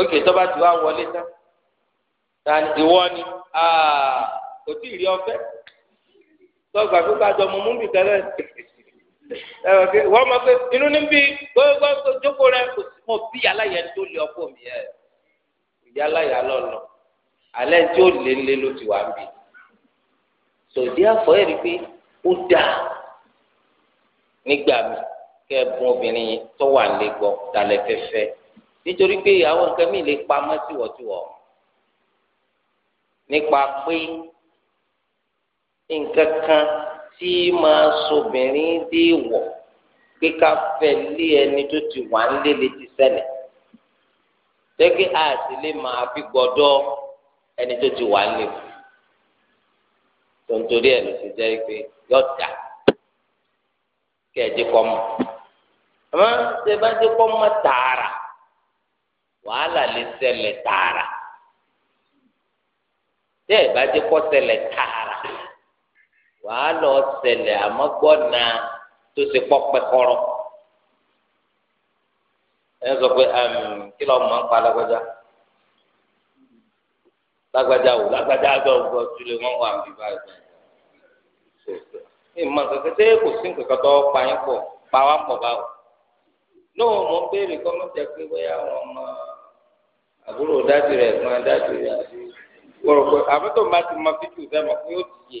ókè tó ti wá wọlé tán ìwọ ni. Ah kò tí ì rí ọfẹ tọgbà tó ká jọ mọ mú bì tẹ́lẹ̀ wọ́n mọ̀ pé inú ní bí gbogbo jókòó rẹ kò sí mọ̀ bí aláyẹ tó lé ọkọ mi ẹ̀ ìyá aláyà lọ́nà alẹ́ tí ó lé lé ló ti wà ń bì tòdí àfọ ẹ̀ rí pé ó dáa nígbà mi kẹ́ ẹ bùn obìnrin tó wà lé gbọ́ dalẹ̀ fẹ́fẹ́ nítorí pé àwọn nǹkan mi lè pamọ́ tiwọ̀tiwọ̀ nípa pé nǹkan kan tí máa sobìnrin dé wọ̀ pé ká fẹ́ lé ẹni tó ti wà ń lélẹ̀ ti ṣẹlẹ̀ tẹ́kí àti lè máa fi gbọ́dọ̀ ẹni tó ti wà ń lè tontori ẹ̀ ló ti jẹ́ pé yọ̀ọ̀dà kẹ́ẹ̀dé kọ́ mọ̀ àmọ́ ṣe bá dé kọ́ mọ̀ tààrà wàhálà lè ṣẹlẹ̀ tààrà tẹ́ bá dé kọ́ ṣẹlẹ̀ tààrà wàá lọ ṣẹlẹ̀ àmọ́ gbọ́nà tó ṣe pọ́pẹ́ kọ́rọ́ ẹ sọ pé kí lọ́ọ́ mọ̀ ń pa lágbájá lágbájá wò lágbájá gbọ́ gbọ́ tulè wọ́n wà níbi báyìí ní ìmọ̀ nǹkan kẹsẹ́ kò sí nǹkan tó pa yín pọ̀ pa wá pọ̀ báwò lóò mọ̀ ń béèrè kọ́ mọ̀ pé bóyá àwọn ọmọ àbúrò dájú rẹ̀ fún adájú rẹ̀ àbí wọ́n rò pé àbúrò tó ń bá ti mọ fíjù fẹ́ mọ̀ pé ó ti yé.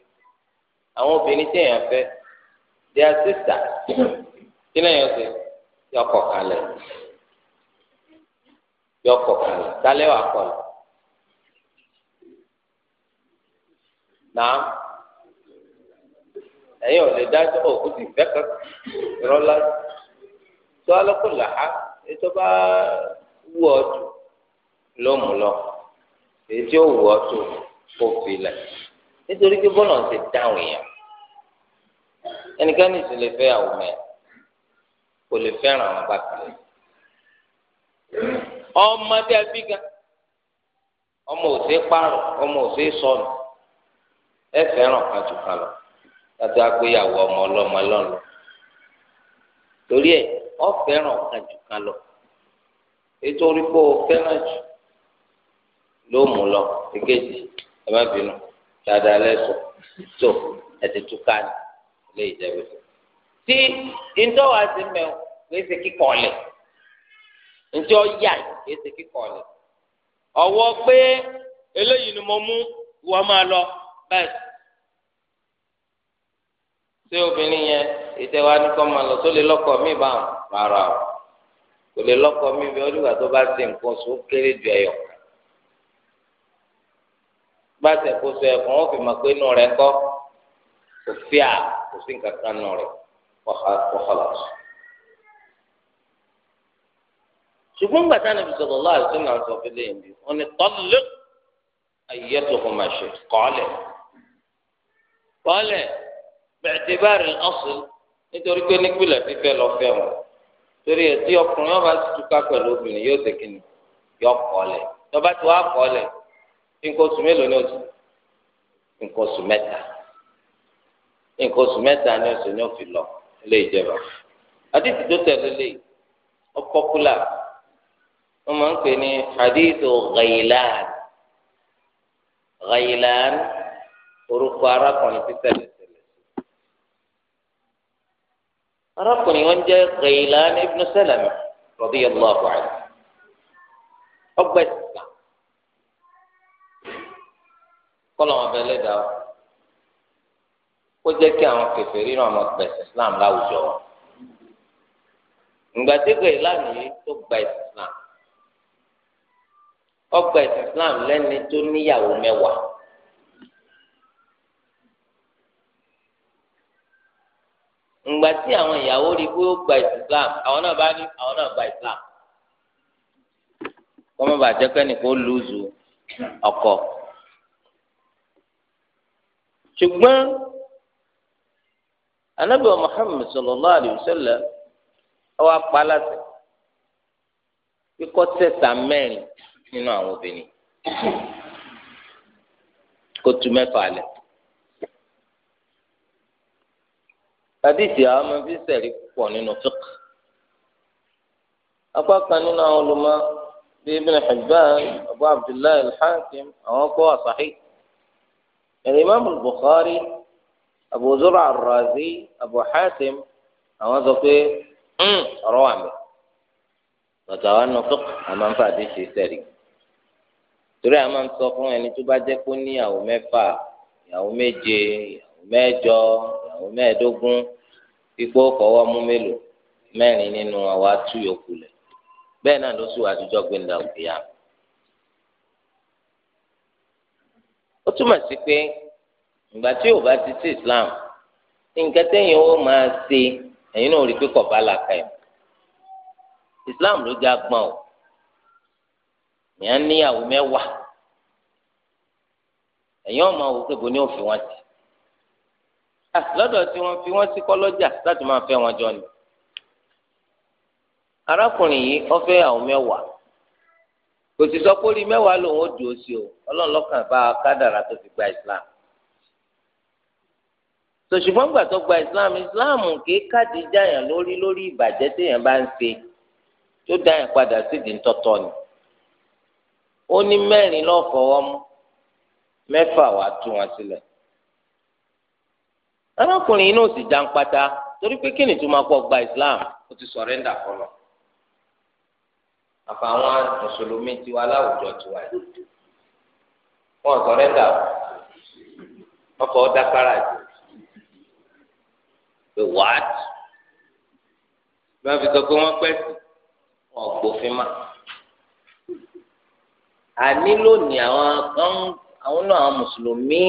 àwọn obìnrin téèyàn fẹ́ their sister kí lẹ́yìn ọ̀sẹ̀ yọkọ kalẹ̀ yọkọ kalẹ̀ talẹ wà kọlẹ náà ẹ̀yin ò lè dájọ òkú ti fẹ́ kan rọlá tó alọkùnlá ha ètò bá wù ọ́ jù ló mú lọ èyí tí ó wù ọ́ tó kó fi lẹ. nítorí pé bọ́ọ̀lù ọ̀sẹ̀ dáhùn èèyàn ẹnikẹ́ni sì lè fẹ́ àwọn kò lè fẹ́ràn àwọn bákìlẹ̀ ọmọdé ẹbí ọmọ òsè pààrọ̀ ọmọ òsè sọnù ẹ fẹ́ràn kájú kan lọ láti agbéyàwó ọmọ ọlọ́mọ torí ẹ kájú kan lọ ètò orí kó o fẹ́ràn jù ló mú lọ èkejì ẹ má bínú. dáadáa lẹ́sọ̀ tó ẹ̀tì túká ní ilé ìjẹ́bù. tí ntọ́wà ti mẹ́wọ́ kìí ṣe kíkọ́ lẹ̀ ntí ọ yà kìí ṣe kíkọ́ lẹ̀ ọ̀wọ́ pé eléyìí ni mo mú wọ́n máa lọ bẹ́ẹ̀ ṣé obìnrin yẹn ìtẹ̀wá ní kọ́ máa lọ tó lè lọ́kọ̀ mí bá wọn rárá o kò lè lọ́kọ̀ mí bí ọdún ìgbà tó bá ti nǹkan sókèrè ju ẹ̀yọ̀ bá tẹ̀ kó sọ ẹ̀kọ́ wọn fi mọ̀ pé inú rẹ̀ kọ́ kò sí à kò sí nǹkan kan nù rẹ̀ wàhálà. ṣùgbọ́n gbàtà nàbì sọ̀rọ̀ lọ́wọ́ àti sọ́nà àti ọ̀fẹ́ lẹ́yìn bí wọ́n ní tọ́lẹ̀ ayé tó kọ́ máa ṣe kọ́ọ̀lẹ̀ kọ́ọ̀lẹ̀ bẹ̀rẹ̀ bá rẹ̀ ọ̀sùn nítorí pé nípìnlẹ̀ fífẹ́ lọ fẹ́ wọn torí ẹ̀ tí ọkùnrin ọba ti túká pẹ̀lú obìnrin yóò ṣe yọ kọ́ọ̀lẹ̀ tọ́ba ti wá kọ́ọ̀lẹ̀ nǹkan oṣù mélòó ni oṣù nǹkan oṣù mẹ́ta nǹkan oṣù mẹ́ta ni oṣù ni ó fi lọ ilé ìjẹba àdìsí tó tẹ̀lé lè ọpọkúlà wọn máa ń pè ní àdìsí Ghailan Ghailan orúkọ arákùnrin tí tẹ̀lé tẹ̀lé arákùnrin wọn jẹ́ Ghailan ibn Salama radiyallahu anhu ọgbẹ́sì. kọlọ wọn bẹ lẹdá o kó jẹ kí àwọn kèfèrí náà mọ bẹsẹ islam láwùjọ wọn ngbàdégbè ìlànà yìí tó gba islam ọgbà islam lẹni tó níyàwó mẹ́wàá ngbàtí àwọn ìyàwó rí pé ó gba islam àwọn náà bá ní àwọn ọkọ. ṣùgbọ́n anabi wa muhammed sallallahu alayhi wa sallam ọwọ́ apalásẹ̀ kíkọ́ tẹ̀sà mẹ́rin nínú àwọn obìnrin kó tu mẹ́fà lẹ̀. Hadithi àwọn ọmọ bíi sẹ̀rí pọ̀ nínú fiqh. Apá kan nínú àwọn olùmọ̀ bíi Ibn Hibban, Abu Abdullahi al àwọn kọ́ àṣàhí. الإمام البخاري أبو زرع الرازي أبو حاتم àwọn sọ pé hmm, ọ̀rọ̀ wà mí bàtà wa nù fún àmà ń fàdé ṣe sẹ́rì torí àmà ń sọ fún ẹni tó bá jẹ́ kó ní ìyàwó mẹ́fà ìyàwó méje ìyàwó mẹ́jọ ìyàwó mẹ́ẹ̀ẹ́dógún pípọ́ fọwọ́ mú mélòó mẹ́rin nínú àwa tú yòókù lẹ̀ bẹ́ẹ̀ náà ló sì wà àtijọ́ gbẹ̀ndà òkè yàrá. ó túmọ̀ sí pé ìgbà tí yóò bá ti islam nǹkan tẹ́yìn ó máa ṣe ẹ̀yin náà rí i pé kò bá làkà ẹ̀ islam ló já gbọ́n o ìyá níyàwó mẹ́wàá ẹ̀yin ọmọ wò pé bo ni ó fi wọn sí lọ́dọ̀ tí wọ́n fi wọ́n sí kọ́lọ́jà láti máa fẹ́ wọn jọ ni arákùnrin yìí ó fẹ́ àwọn mẹ́wàá kò sì mẹ́wàá lòun ó dùn ó o bá gba islam sòṣùgbọ́n gbà tó gba islam islam kì í káàdì jáyàn lórí lórí ìbàjẹ́ téèyàn bá ń ṣe tó dáyàn padà sídìí ni ó ní mẹ́rin lọ́fọ̀ọ́ mú mẹ́fà tú wọn sílẹ̀ arákùnrin inú sì já ń pátá torí pé kí ni tó gba islam ó ti sọ̀rẹ́ńdà àfàwọn mùsùlùmí tiwa láwùjọ tiwa yìí wọn sọrẹ́ńdà wọn fọ dákàrà jù pé wàátì bí wọn fi sọ pé wọn pẹ́sì wọn gbófin má àní lónìí àwọn kan àwọn náà mùsùlùmí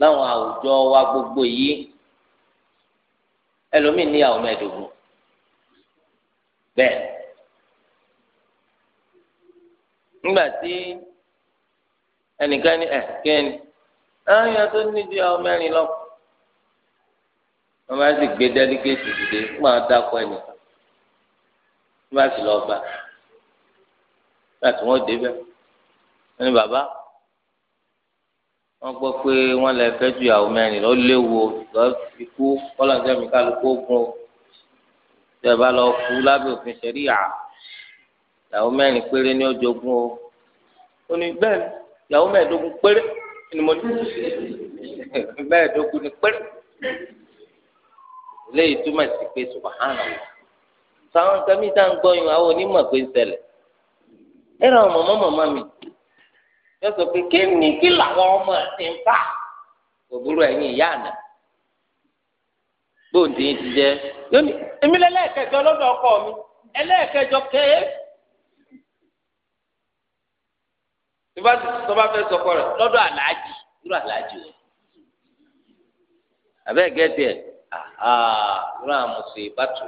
láwọn àwùjọ wa gbogbo yìí ẹlòmíì níyàwó mẹ́ẹ̀ẹ́dógún bẹ́ẹ̀ nígbà tí ẹnìkan ní ẹ kéènì ẹnìyàn tó ní ju àwọn mẹ́rin lọ wọn bá sì gbé délégéètì dìde wọn máa dákọ ẹnìkan wọn bá sì lọ bá láti wọn débẹ̀ wọn ní bàbá wọn gbọ́ pé wọn lè fẹ́ ju àwọn lọ léwu lọ fi kú kọlọńtẹmí kálukú ogun o tẹ́ bá lọ kú lábẹ́ òfin ṣẹ̀ríà ìyàwó mẹ́rin péré ní ọjọgún o ó ní bẹ́ẹ̀ ìyàwó mẹ́ẹ̀ẹ́dógún péré ni mo ní mẹ́ẹ̀ẹ́dógún ni péré léyìí túmọ̀ sí pé subahana sáwọn nǹkan mi tá ń gbọ́ yun àwọn onímọ̀ pé ń ṣẹlẹ̀ ẹ ra ọmọ mọ́ màmá mi yọ sọ pé kí ni kí làwọn ọmọ ẹ̀ ń fà òbúrò ẹ̀yìn ìyá àná gbòǹdì yín ti jẹ́ lónìí èmi lẹ́lẹ́ẹ̀kẹjọ lọ́dọ̀ ọkọ mi ẹlẹ́ẹ̀kẹjọ kẹ́ẹ́. ìbá ti sọ bá fẹ́ sọkọ rẹ̀ lọ́dọ̀ àlàájì irú àlàájì o àbẹ́ gẹ́tì ẹ̀ irú àmùsùn ìbátò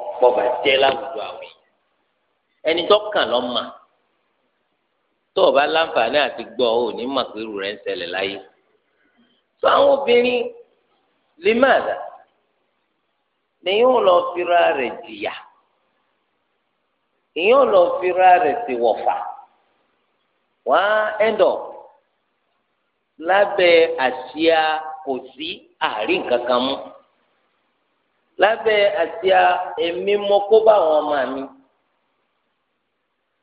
ọ̀pọ̀ bàjẹ́ láwùjọ àwìn ẹni tó kàn lọ́ mà tó o bá láǹfààní àti gbọ́ ò ní mà pé irú rẹ̀ ń ṣẹlẹ̀ láyé tó àwọn obìnrin lè má dà Ni ò lọ fira rẹ̀ jìyà ìyẹn ò lọ fira rẹ̀ ti wọ̀fà wá ẹ̀ndọ̀ lábẹ́ àsíá kò sí àárín kankan mú lábẹ́ àsíá èmi mọ kó bá àwọn ọmọ mi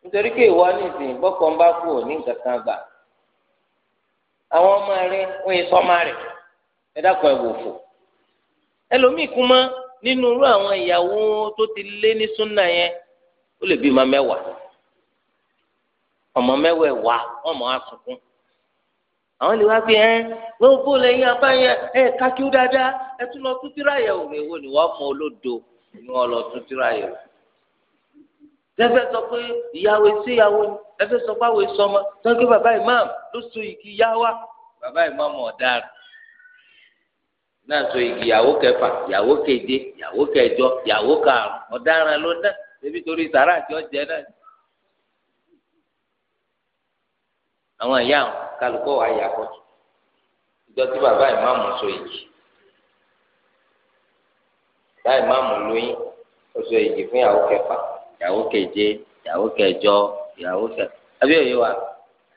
nítorí pé ìwọ nìsín bọ́kọ̀ bá kú òní kankan gbà àwọn ọmọ rẹ ń sọ́mọ́ rẹ̀ ẹ dákun ẹ̀ wò fò ẹlòmíì kú mọ́. nínú irú àwọn ìyàwó tó ti lé ní súnà yẹn ó lè bímọ ọmọ mẹ́wàá wà ọmọ asùnkún àwọn lè wá pé ẹ wọn kó lẹ́yìn abáyẹ ẹ kákíú dáadáa ẹ tún lọ tún tíra ni wọn mọ olódo ni wọn sọ pé ìyàwó sí ìyàwó ni sọ pé àwọn èso ọmọ tọ́jú bàbá ló so ìkì yá wa bàbá ọ̀daràn náà sọ igi ìyàwó kẹfà ìyàwó keje ìyàwó kẹjọ ìyàwó karùn ọ̀daràn ló ná ebi torí sàrà àti ọjẹ náà àwọn ìyá kálukọ wà yà kọtù ìjọ tí bàbá ìmáàmù sọ igi. bàbá ìmáàmù lóyún ó sọ igi fún ìyàwó kẹfà keje ìyàwó kẹjọ ìyàwó kẹ àbí wa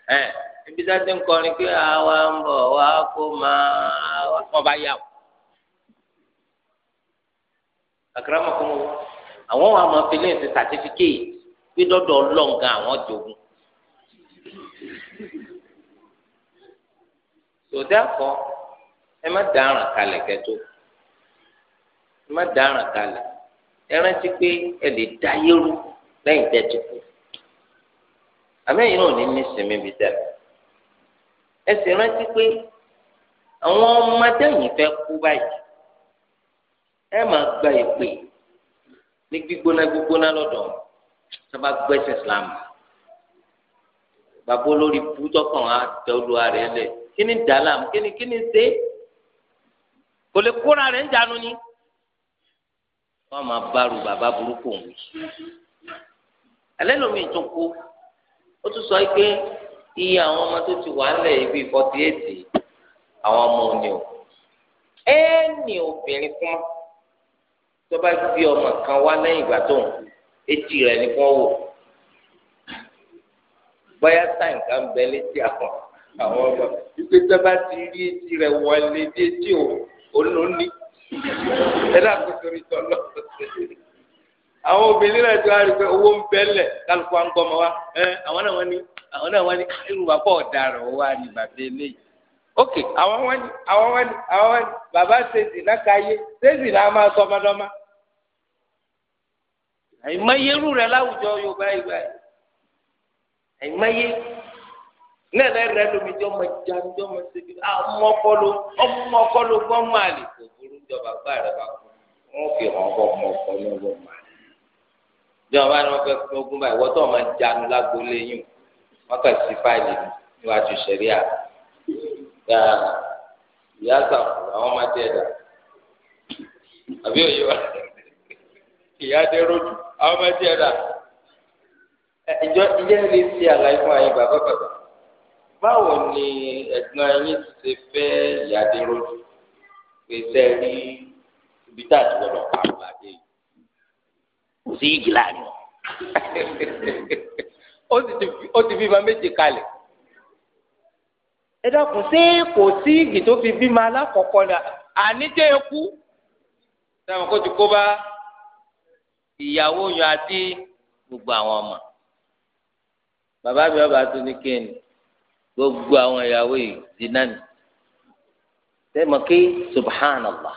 ẹ ibi tá a ti ń kọrin pé àwa ń bọ̀ wá kó máa bá yà àkàràmọ̀kùnrin àwọn wa máa fi lẹ́yìn sí sàtífíkẹ́ẹ̀tì pé dọ́dọ̀ ọlọ́ǹgá àwọn jogun tòdà kọ ẹ má dáràn kalẹ̀ kẹtó ẹ má dáràn kalẹ̀ ẹ rántí pé ẹ lè dá yẹ́rù lẹ́yìn tẹ́ ti kú àmẹ́yìn náà ní ní sinmi bíi ẹ sì rántí pé àwọn ọmọdé yìí fẹ́ kú báyìí ẹ máa gba ìpè ní gbígbóná gbígbóná lọ́dọ̀ sábà gbẹ́sẹ̀ islam bàbá olórí bútọ́ kan á tẹ olúwa rẹ̀ lẹ̀ kí ni dàlám kí ni kí ni ṣe kò lè kóra rẹ̀ ń jánu ni wọ́n máa bárù bàbá burúkú òun alẹ́ lómi tún kú ó tún sọ pé iye àwọn ọmọ tó ti wà ńlẹ̀ ibi forty eight àwọn ọmọ òní o ẹ́ẹ̀ni obìnrin kún mọ́ tó bá gbé ọmọ kan wá lẹ́yìn ìgbà tó ń etí rẹ̀ ní kán wò bóyá táyì kan bẹ létí àwọn àwọn ọmọ wípé tó bá ti rí etí rẹ̀ wọlé dé tí ò olóní ẹ dàgbé torí tọ́lọ́ àwọn obìnrin náà ti wá rí i pé owó ń bẹ́lẹ̀ kálukú à ń gbọ́mọ wa ẹ àwọn náà wọ́n ní àwọn náà wọ́n ní irú wa kọ́ ọ̀daràn wa ní bàbá eléyìí ok àwọn wọn ni àwọn wọn ni àwọn wọn ni bàbá ṣèṣì náà káyé ṣèṣì náà máa sọ ọmọdọ́mọ. àìmọyerú rẹ láwùjọ yorùbá ìgbà yìí àìmọye náà lẹ́yìn rẹ lómi jọ ọmọ ìjánu jọ ọmọ ṣèṣì ọmọ ọkọlọ ọmọ ọkọlọ gbọ́n máa lè kó burú jọba gbá rẹ bá kú wọn fi hàn ọkọ ọmọ ọkọlọ gbọ́n máa lè. bí wọn bá ní wọn fẹ́ fún ogún báyìí wọ́n tó ọmọ ìjánu lágbólé yìí wọn kàn sí fáìlì níwájú sẹ́ríà ìyá sàkó àwọn máa jẹ ẹ̀dá àbí òye wa ìyá dé ròdù àwọn máa jẹ ẹ̀dá ìjọ ìyá lè ṣe àlàyé fún àyè bàbá bàbá báwo ni ẹ̀gbọ́n yín ti ṣe fẹ́ ìyá dé ròdù pèsè rí ibi tá a ti gbọ́dọ̀ pa àwọn àdé yìí kò sí ìgìlá ni ó ti fi bá méje kalẹ̀ ẹ dákun ṣé kò sí igi tó fi bímọ alákọ̀ọ́kọ́ ni àníjẹ́ eku táwọn kò ti kó bá ìyàwó yan àti gbogbo àwọn ọmọ bàbá mi ọba tó ní kéènì gbogbo àwọn ìyàwó yìí di náà ni sẹ́mi kí subhanallah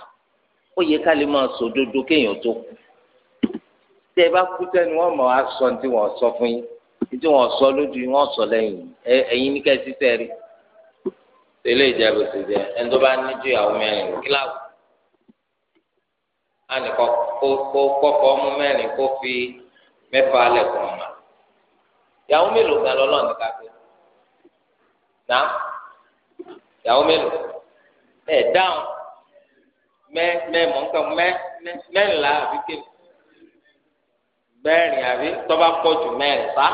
ó yẹ ká lè máa sòdodo kéèyàn tó kú tẹ́ ẹ bá kú sẹ́ni wọ́n mọ̀ á sọ ní tí wọ́n sọ fún yín ní tí wọ́n sọ lójú yín wọ́n sọ lẹ́yìn ẹ̀yin ní kẹ́sì tẹ́ tẹlẹ ìjẹbù ti jẹ ẹni tó bá ní ju ìyàwó mẹ́rin kíláàbù á ní kó kọkọ ọmú mẹ́rin kó fi mẹ́fà lẹkùn ọmọ ìyàwó mélòó gan lọlọrun ní káfí náà ìyàwó mélòó ẹ dáhùn mẹ mẹ mọ nǹkan mẹ mẹ́rìnlá àbí kébù mẹ́rin àbí tọ́ba pọ̀ jù mẹ́rin sáà.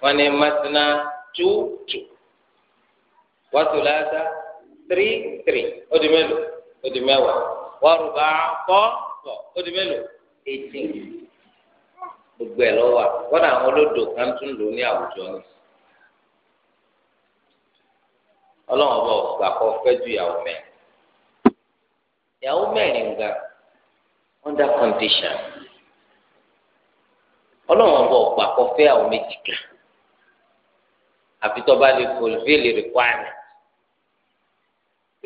wọn ni masina two two wàtúlàdà three odimelu ó di mélòó ó di mẹ́wàá wàrúbà four four ó di mélòó eighteen gbogbo ẹ̀ lọ́wọ́ wọn àwọn olódò kan tún lò ni àfi tó bá lè fulfil requirement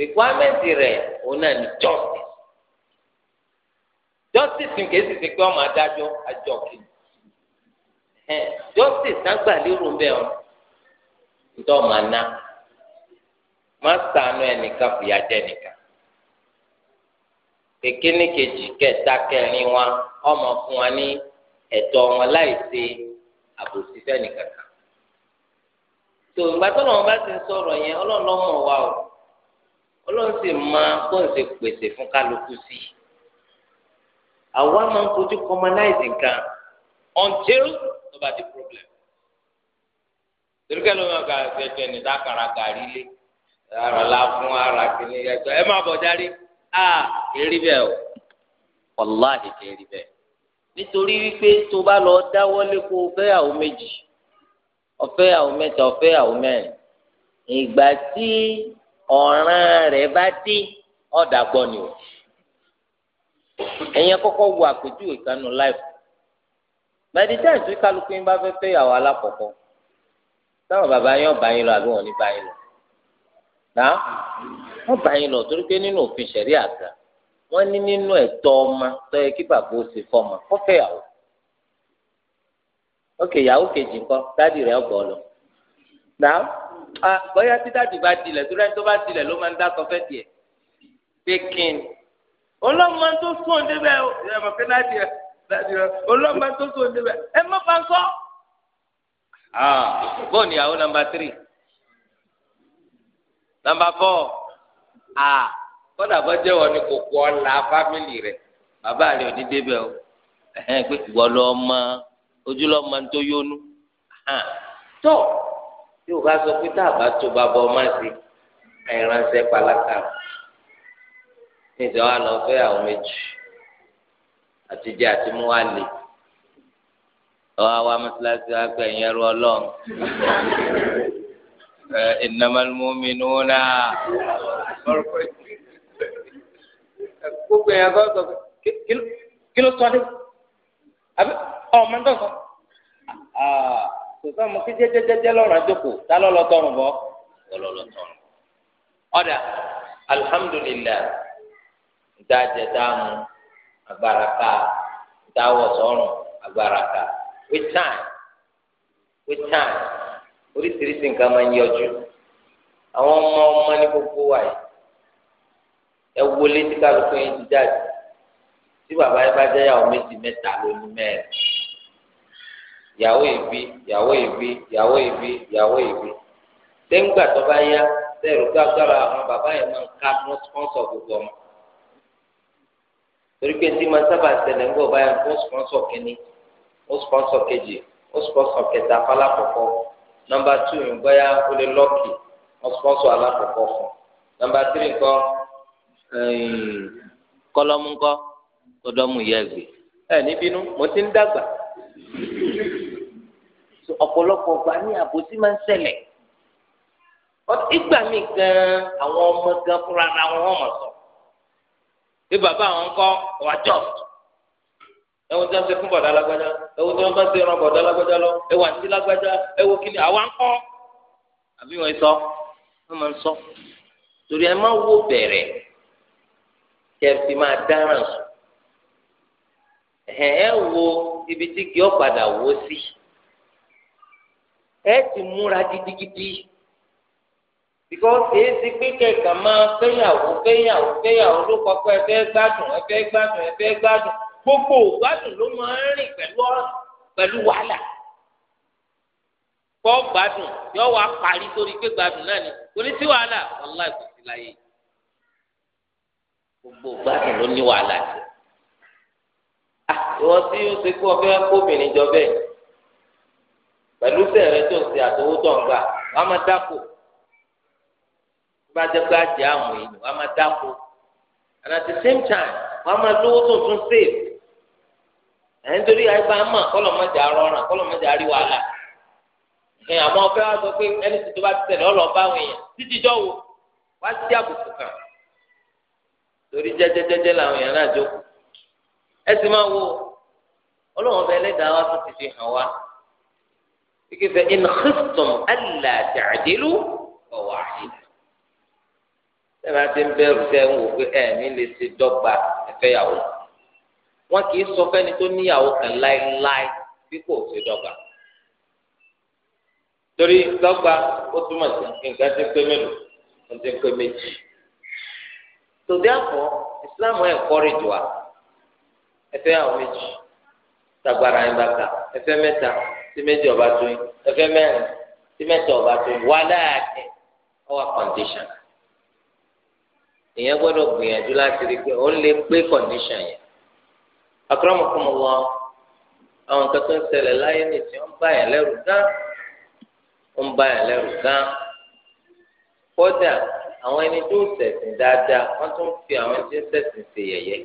requirement rẹ̀ òun náà ni justice justice kìí sì ṣe pé ọmọ adájọ́ àjọkì justice nágbà lérò ń bẹ ọ ntọ́ ọmọ aná má sànú ẹnìkan fìyà jẹ nìkan kékeré kejì kẹta kẹrin wa ọmọ fún wa ní ẹ̀tọ́ wọn láì ṣe àbòsí fẹ́nìkan kan. tó ìgbà tó lọ́wọ́ bá ti ń sọ̀rọ̀ yẹn ọlọ́run mọ̀ wá o ọlọ́run sì máa kó ń ṣe pèsè fún kálukú sí i àwa máa ń fojú commonize nǹkan until problem máa gba ara fún ara kìíní ẹ bọ̀ o wàláhì bẹ́ẹ̀ nítorí wípé tó bá lọ kó o méjì ọfẹ àwọn mẹ́ta ọfẹ àwọn mẹ́rin ìgbà tí ọ̀ràn rẹ̀ bá dé ọdà gbọ́ ni o ẹ̀yin kọ́kọ́ wo àpèjúwe kanu láìpẹ́ bẹ́ẹ̀ni tí àìsí kálukú yín bá fẹ́ fẹ́ ìyàwó alákọ̀ọ́kọ́ táwọn bàbá yín ọba yín lọ àbí wọn ní bá yín lọ nà wọn bá yín lọ torí pé nínú òfin ṣẹ̀rí àgbà wọn ní nínú ẹ̀tọ́ ọmọ tó yẹ kí bàbá ó ṣe fọmọ kọfẹ àwọn ok ìyàwó kejì ńkọ́ dáàdì rẹ̀ ọ̀gbọ̀ lọ. náà a bóyá tí dáàdì bá dilẹ̀ tó rẹ́ni tó bá dilẹ̀ ló máa ń dákọ̀ fẹ́ tiẹ̀ pé kí ni. olóńgbà tó sún òde bẹ́ẹ̀ o ẹ mọ̀ pé dáàdì rẹ̀ dáàdì rẹ̀ olóńgbà tó sún òde bẹ́ẹ̀ ẹ má bá ń sọ. bóun ìyàwó nàmbà tírì nàmbà fọ́ à kọ́dà bọ́ jẹ́ wọn ni kò kọ́ la fámìlì rẹ̀ bàbá rẹ̀ ò ní débẹ̀ o ẹ̀hẹ́n pé ìwọ lọ́ọ́ máa ojúlọ máa ń tó yónú tó yóò bá sọ pé tá a bá tó bá bọ ọmọ sí ẹ̀ránṣẹ́ pàlákà níjọ́ wa lọ fẹ́ àwọn méjì àtijọ́ àti mú wa lè ọwọ́ àwa mọ́sálásí wa gbẹ̀ yẹn rú ọlọ́run ẹ̀ innamal mu'minuna gbogbo yẹn kọ́ sọ kí ló sọ ní ọmọ ń dọ̀sọ́ kò kí jẹ́jẹ́jẹ́jẹ́ lọ́rùn àjòkò tá lọ́lọ́ tọrùn bọ́ lọ́lọ́ tọrùn. ọ̀dà alihamudulilayi dájẹ́ dáàmú agbára ká dáwọ̀ sọ́rùn agbára ká oríṣiríṣi nǹkan máa ń yọjú àwọn ọmọ ọmọ ní gbogbo wa ẹ wọlé tí kálukú yẹn ti jáde tí bàbá yẹn bá jẹ́ yàwó méjì mẹ́ta lónìí mẹ́rin. yàwó ìbí yàwó ìbí yàwó ìbí yàwó ìbí lẹ́ngbà tó bá yá sẹ́rù gbàgbára àwọn bàbá yẹn máa ń ká mọ́ sponsor gbogbo ọmọ torí pé tí máa sábà ṣẹlẹ̀ ńgbọ́ bá yẹn fún sponsor kínní ó sponsor kejì ó sponsor kẹta falákọ̀ọ́kọ́ nọmba tù ń gbọ́yà ó lè lọ́ọ̀kì ó sponsor alákọ̀ọ́kọ́ fún nọmba tírì ńkọ́ kọ́lọ́mù ńkọ́ kọ́dọ́mù yẹ gbé ẹ níbínú mo ti ń dàgbà ọ̀pọ̀lọpọ̀ gbà ní àbòsí máa ń ṣẹlẹ̀ ìgbà mi gan àwọn ọmọ gan fúnra ra wọn ọmọ sọ bí bàbá àwọn kọ wà jọ ẹwọ tí wọn ṣe fún bọdà lágbájá ẹwọ tí wọn bá ṣe ran bọdà lágbájá lọ ẹwọ àti lágbájá ẹwọ kí ni àwa ń kọ àbí wọn sọ wọn máa ń sọ torí ẹ máa wo bẹ̀rẹ̀ kí ẹ fi máa dáràn sùn ẹ ẹ wo ibi tí kì í ọ̀padà wó sí. Si ẹ ti múra gidigidi because èyí ti pé kẹkàn máa fẹ́yàwó fẹ́yàwó fẹ́yàwó ló kọkọ ẹ fẹ́ gbádùn ẹ fẹ́ gbádùn ẹ fẹ́ gbádùn gbogbo gbádùn ló máa ń rìn pẹ̀lú pẹ̀lú wàhálà kọ gbádùn yọ wá parí torí pé gbádùn náà ni torí tí wàhálà wàhálà kò láyé gbogbo gbádùn ló ní wàhálà jẹ ah ìwọ tí ó ṣe kó ọbẹ kóbìnrin jọ bẹ́ẹ̀. pẹ̀lú sẹ̀rẹ̀ tó ń ṣe tó ń gbà wọ́n máa dáko bá jẹ́ pé àjẹ́ èèyàn máa dáko and at the same time wọ́n máa lówó tó tún save torí àyíká mọ̀ kọ́lọ̀ rọrùn kọ́lọ̀ rí wàhálà àmọ́ ọ̀fẹ́ wa sọ pé ẹni tó bá ti tẹ̀lé ọlọ́ọ̀ bá àwọn èèyàn títí jọ́ wo wá sí àbùkù kan torí jẹ́jẹ́jẹ́jẹ́ làwọn èèyàn náà jókòó ẹ sì máa wo ọlọ́run lẹ́dàá wa kíkẹ́ fẹ́ in khiftum alla ta'dilu wahida. sẹ́wọ́n ti ń bẹ̀rù fẹ́ ń wò pé ẹ̀ mi lè ṣe dọ́gba ẹ̀fẹ́ yàwó. wọn kì í sọ fẹ́ni tó níyàwó kan láéláé bí kò ṣe dọ́gba. torí dọ́gba ó túmọ̀ sí nǹkan tí ń pé mélòó wọ́n ti ń pé méjì. tòdí àpọ̀ ìsìláàmù ẹ̀ kọ́rìjì wa ẹ̀fẹ́ yàwó méjì tàgbàrà ẹ̀ bàtà ẹ̀fẹ́ mẹ́ta tí méjì ọba tó yín ẹfẹ mẹ́rin tí mẹ́ta ọba tó yín wà láàkín ọwà kọndíṣàn ìyẹn gbọ́dọ̀ gbìyànjú láti rí pé ó ń lè pé kọndíṣàn yẹn akramakumullah àwọn nǹkan tó ń ṣẹlẹ̀ láyé nìsín ó ń bá yẹn lẹ́rù gán ó ń bá yẹn lẹ́rù gán kódà àwọn ẹni tó ṣẹ̀sìn dáadáa wọ́n tún fi àwọn ẹni tó ṣẹ̀sìn ṣe yẹ̀yẹ́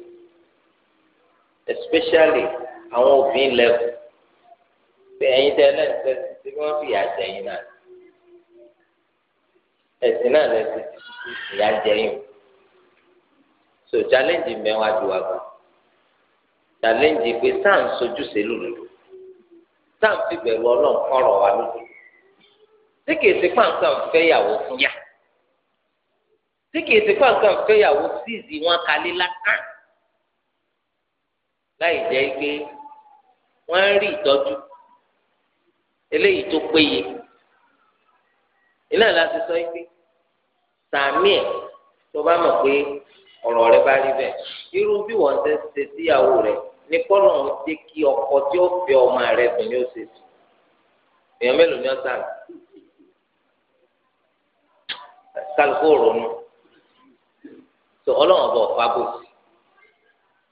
especially àwọn obìnrin lẹ́kọ̀ọ́ pé ẹ̀yin tẹ lẹ́sẹ̀ tí wọ́n fi ìyà jẹ yín náà ẹ̀sìn náà lẹ́sẹ̀ tí ìyà jẹ o so challenge mẹ́wàá ju wa gan challenge pé sáà ń sojúṣe lòlòdò sáà ń fi bẹ̀rù ọlọ́run kọ́rọ̀ wa lòlòdò tí kìí ṣe pàǹkà fẹ́yàwó fún yà tí kìí ṣe pàǹkà fẹ́yàwó síìzì wọn kalẹ̀ lásán láì jẹ́ pé wọ́n ń rí ìtọ́jú eléyìí tó péye iná láti sọ pé sàmì ẹ tó bá mọ̀ pé ọ̀rọ̀ rẹ bá rí bẹ́ẹ̀ irú bí wọ́n ṣe ṣe síyàwó rẹ ní kọ́nà ń jẹ́ kí ọkọ tí ó fẹ́ ọmọ rẹ dùn ní oṣù tó èèyàn mélòó ni ó sàn kálukú ronú tó ọlọ́run ọba ọ̀fà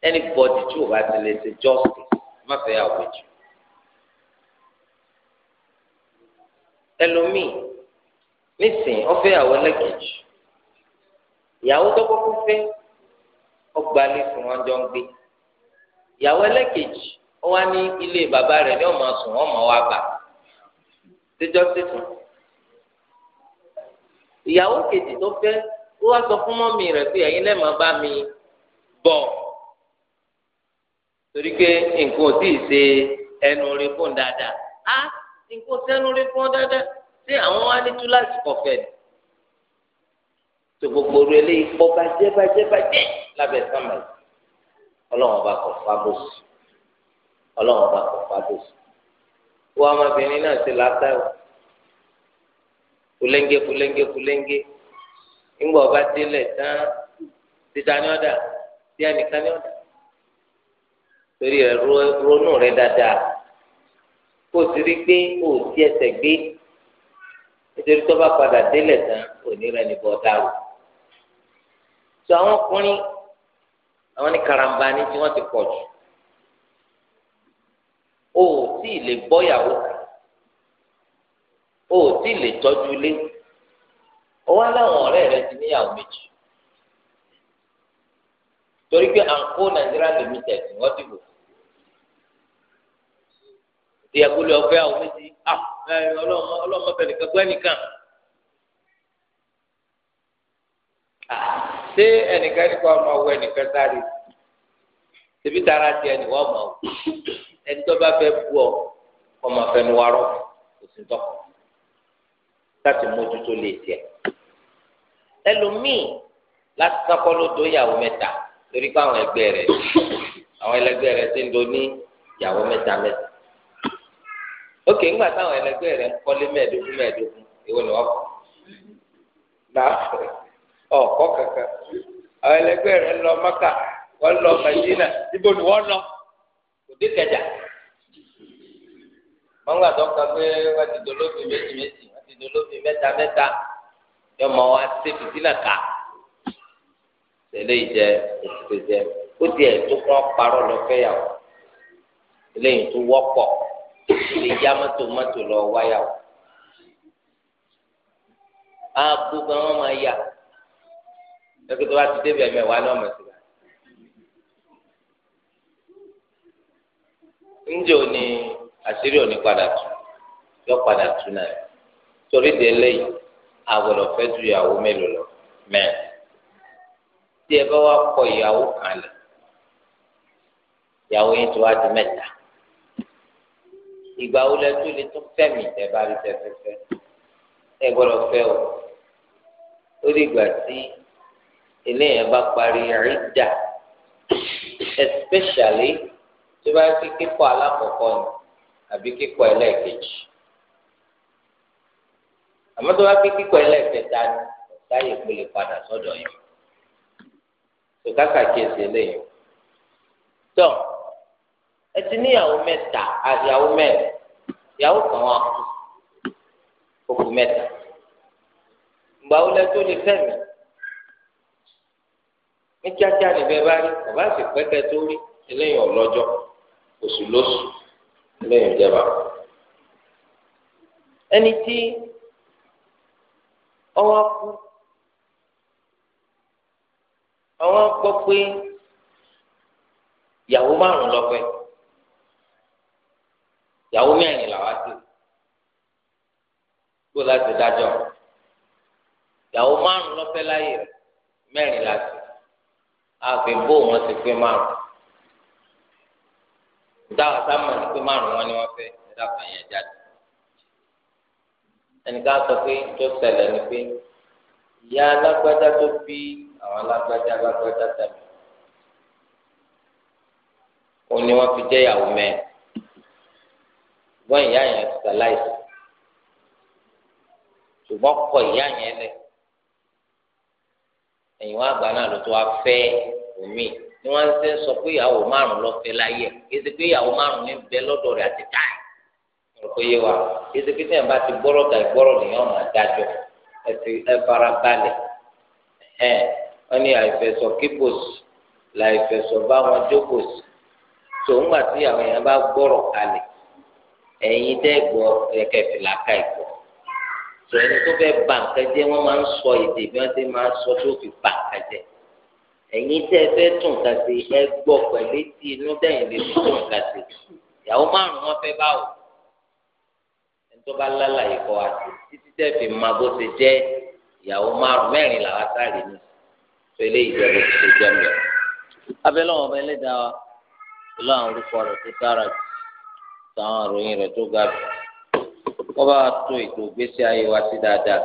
ẹnì bọ́dì tí o bá ti lè ṣe jọ́ọ̀sì má fẹ́ yàwó ẹlòmíì nísìnyí ọfẹ ìyàwó ẹlẹ́kejì ìyàwó tọkọ fífẹ ọgbà lè fún wọn jọ ń gbé ìyàwó ẹlẹ́kejì ó wá ní ilé bàbá rẹ̀ ní ọmọ sùn ọmọ wa bà síjọ sísun ìyàwó kejì tó fẹ́ ó wá sọ fún mọ́mì rẹ̀ pé ẹ̀yin lẹ́ẹ̀mọ́ bá mi bọ̀ torí pé nǹkan ò tí ì ṣe ẹnu orin fún dáadáa nǹkan sẹ́nu rí fún ọ dáadáa ṣé àwọn wá ní túláàsì kọfẹ́ ni. tó gbogbo orí eléyìí pọ̀ bàjẹ́ bàjẹ́ bàjẹ́ lábẹ́ sàmà ọlọ́run ọba kọ̀ fábọ́sì ọlọ́run ọba kọ̀ fábọ́sì. wọ́n ọmọbìnrin náà ṣe látàrí kulenge kulenge kulenge ńgbà ọba délẹ̀ tán títa ní ọ̀dà tia ẹnìkan ní ọ̀dà torí ẹ̀ ronú rẹ̀ dáadáa kó o sì rí i pé o ò sí ẹsẹ̀ gbé nítorí tó bá padà délẹ̀ tán òní rẹ níbọ̀ dárò tó àwọn ọkùnrin àwọn ní karambani tí wọ́n ti pọ̀ jù o ò tí ì lè bọ́ ìyàwó kan o ò tí ì lè tọ́jú ilé o wá láwọn ọ̀rẹ́ rẹ ti níyàwó méjì torí pé àǹkó nàìjíríà lèmi tẹ̀sí wọ́n ti wò fún ìyàgbọ́lé ọ̀fẹ́ àwọn méjì ọlọ́mọ bẹ̀rẹ̀ nìkan gbọ́ ẹnìkan. ṣé ẹnìkan nípa ọmọ ọwọ́ ẹnìkan sáré tẹ̀bí tara tiẹ̀ níwọ̀ ọmọ o ẹni tó bá fẹ́ bú ọ ọmọ afẹnuwarọ kò sí tọkọ láti mójútó lè tiẹ̀ ẹlòmíì láti sákọ́ ló do ìyàwó mẹ́ta torí pé àwọn ẹgbẹ́ rẹ̀ àwọn ẹlẹgbẹ́ rẹ̀ ti ń do ní ìyàwó mẹ́ta mẹ́ta. ok ńgbà táwọn ẹlẹgbẹ́ rẹ ń kọ́lé mẹ́ẹ̀ẹ́dógún mẹ́ẹ̀ẹ́dógún ìwọ ni wọ́n kọ́ láàfẹ́ ọ̀kọ́ kankan àwọn ẹlẹgbẹ́ rẹ ń lọ mọ́kà wọ́n lọ mẹ́jìnà ibo ni wọ́n lọ òde kẹjà wọ́n gbà kan pé wọ́n ti dolóbi méjì méjì ti dolóbi yọ mọ ká ìjẹ jẹ ó tó kọ́ parọ́ lọ fẹ́yàwó wọ́pọ̀. o já mọ́tò mọ́tò lọ wáyà o aago gan wọn máa yà lẹ́kọ̀ọ́ tó bá ti débi ẹ̀mẹ̀ wá lọ́mọ sí wa. ńjẹ́ òní àṣírí òní padà tù yọ padà tù náà torí de eléyìí àgọ́dọ̀ fẹ́ ju ìyàwó mélòó lọ mẹ́rin tí ẹ bá wá kọ ìyàwó kan lẹ̀ ìyàwó yẹn tó wá di mẹ́ta ìgbà wo lẹ tó lè tún fẹmí tẹbá rí tẹfẹfẹ ẹ gbọ́dọ̀ fẹ́ o ó di ìgbà tí eléyàn bá parí rídà especially tó bá fi kíkọ̀ alákọ̀ọ́kọ́ ni àbí kíkọ̀ ẹlẹ́ẹ̀kejì àmọ́ tó bá fi kíkọ̀ ẹlẹ́ẹ̀kẹta ni táyé kò lè padà sọ́dọ̀ yìí tó kákà kí ẹsẹ̀ eléyìí tó ẹ ti níyàwó mẹ́ta àyàwó mẹ́rin ìyàwó kan wà kú òkú mẹ́ta ìgbàwó lẹ tó lè fẹmí ní kíákíá níbẹ̀ bá rí bàbá sì pẹkẹ tó rí eléyìí ọlọ́jọ́ oṣù lóṣù eléyìí ìjẹba ẹni tí ọwọ́ kú àwọn gbọ́ pé ìyàwó márùn lọpẹ ìyàwó mẹ́rin làwa sí kó láti dájọ́ ìyàwó márùn lọ́fẹ́ láyè rẹ̀ mẹ́rin láti àfin bó wọn ti pé márùn dáhùn sáàmù ti pé márùn wọn ni wọn fẹ́ ẹ̀dá kan yẹn jáde ẹnìkan sọ pé tó ṣẹlẹ̀ ni pé ìyá alágbádá tó bí àwọn alágbádá alágbádá tàbí òun ni wọn fi jẹ́ ìyàwó mẹ́rin ṣùgbọ́n ìyá yẹn ti sàláìsì ṣùgbọ́n kọ ìyá yẹn lẹ̀ ẹ̀yìn wọn àgbà náà ló tó wá fẹ́ omi ni wọ́n ṣe ń sọ pé ìyàwó márùn-ún lọ fẹ́ láyé kí ṣe pé ìyàwó márùn-ún ní bẹ lọ́dọ̀ rẹ̀ àti táì mo kò yé wa kí ṣe pé tẹ̀yìn bá ti gbọ́rọ̀ tà ìgbọ́rọ̀ nìyẹn máa dájọ́ ẹ ti ẹ fara balẹ̀ ẹ wọ́n ní àìfẹsọ̀ kípòs làìfẹsọ̀ bá wọn jókòs tòun gbà àwọn èèyàn bá gbọ́rọ̀ kalẹ̀ ẹ̀yin dẹ́gbọ́ ẹ̀kẹ́ fìlà ká ìgbọ́ sọ ẹni tó fẹ́ bà nǹkan jẹ́ wọ́n máa ń sọ èdè bí wọ́n ti máa sọ tó fi bà nǹkan jẹ́ ẹ̀yin tẹ́ ẹ fẹ́ tún nǹkan sí ẹ gbọ́ pẹ̀lú tí inú dẹ́yìn lè tún nǹkan sí ìyàwó márùn wọn fẹ́ báwò ẹni tó bá lálàyé kọ́ wa sí títí tẹ́ fi máa bó ti jẹ́ ìyàwó márùn mẹ́rin làwa sáré ní sọ eléyìí jẹ́ bó ti ṣe jẹ́ mi. abẹ́lẹ́ wọn bẹ́ẹ̀ lé wa pẹ̀lú àwọn orúkọ rẹ̀ tó dára jù táwọn àròyìn rẹ̀ tó ga jù wọ́n bá tó ètò ìgbésí ayé wa sí dáadáa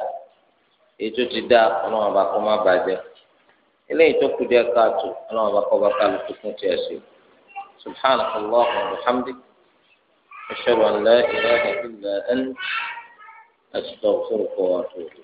ètò ti dá ọlọ́run bá kó má bàjẹ́ eléyìí tó kù díẹ̀ káàtó ọlọ́run bá kọ́ bá kálukú fún tiẹ̀ sí subhanaka allahumma wa bihamdik ashhadu ilaha illa anta astaghfiruka wa atubu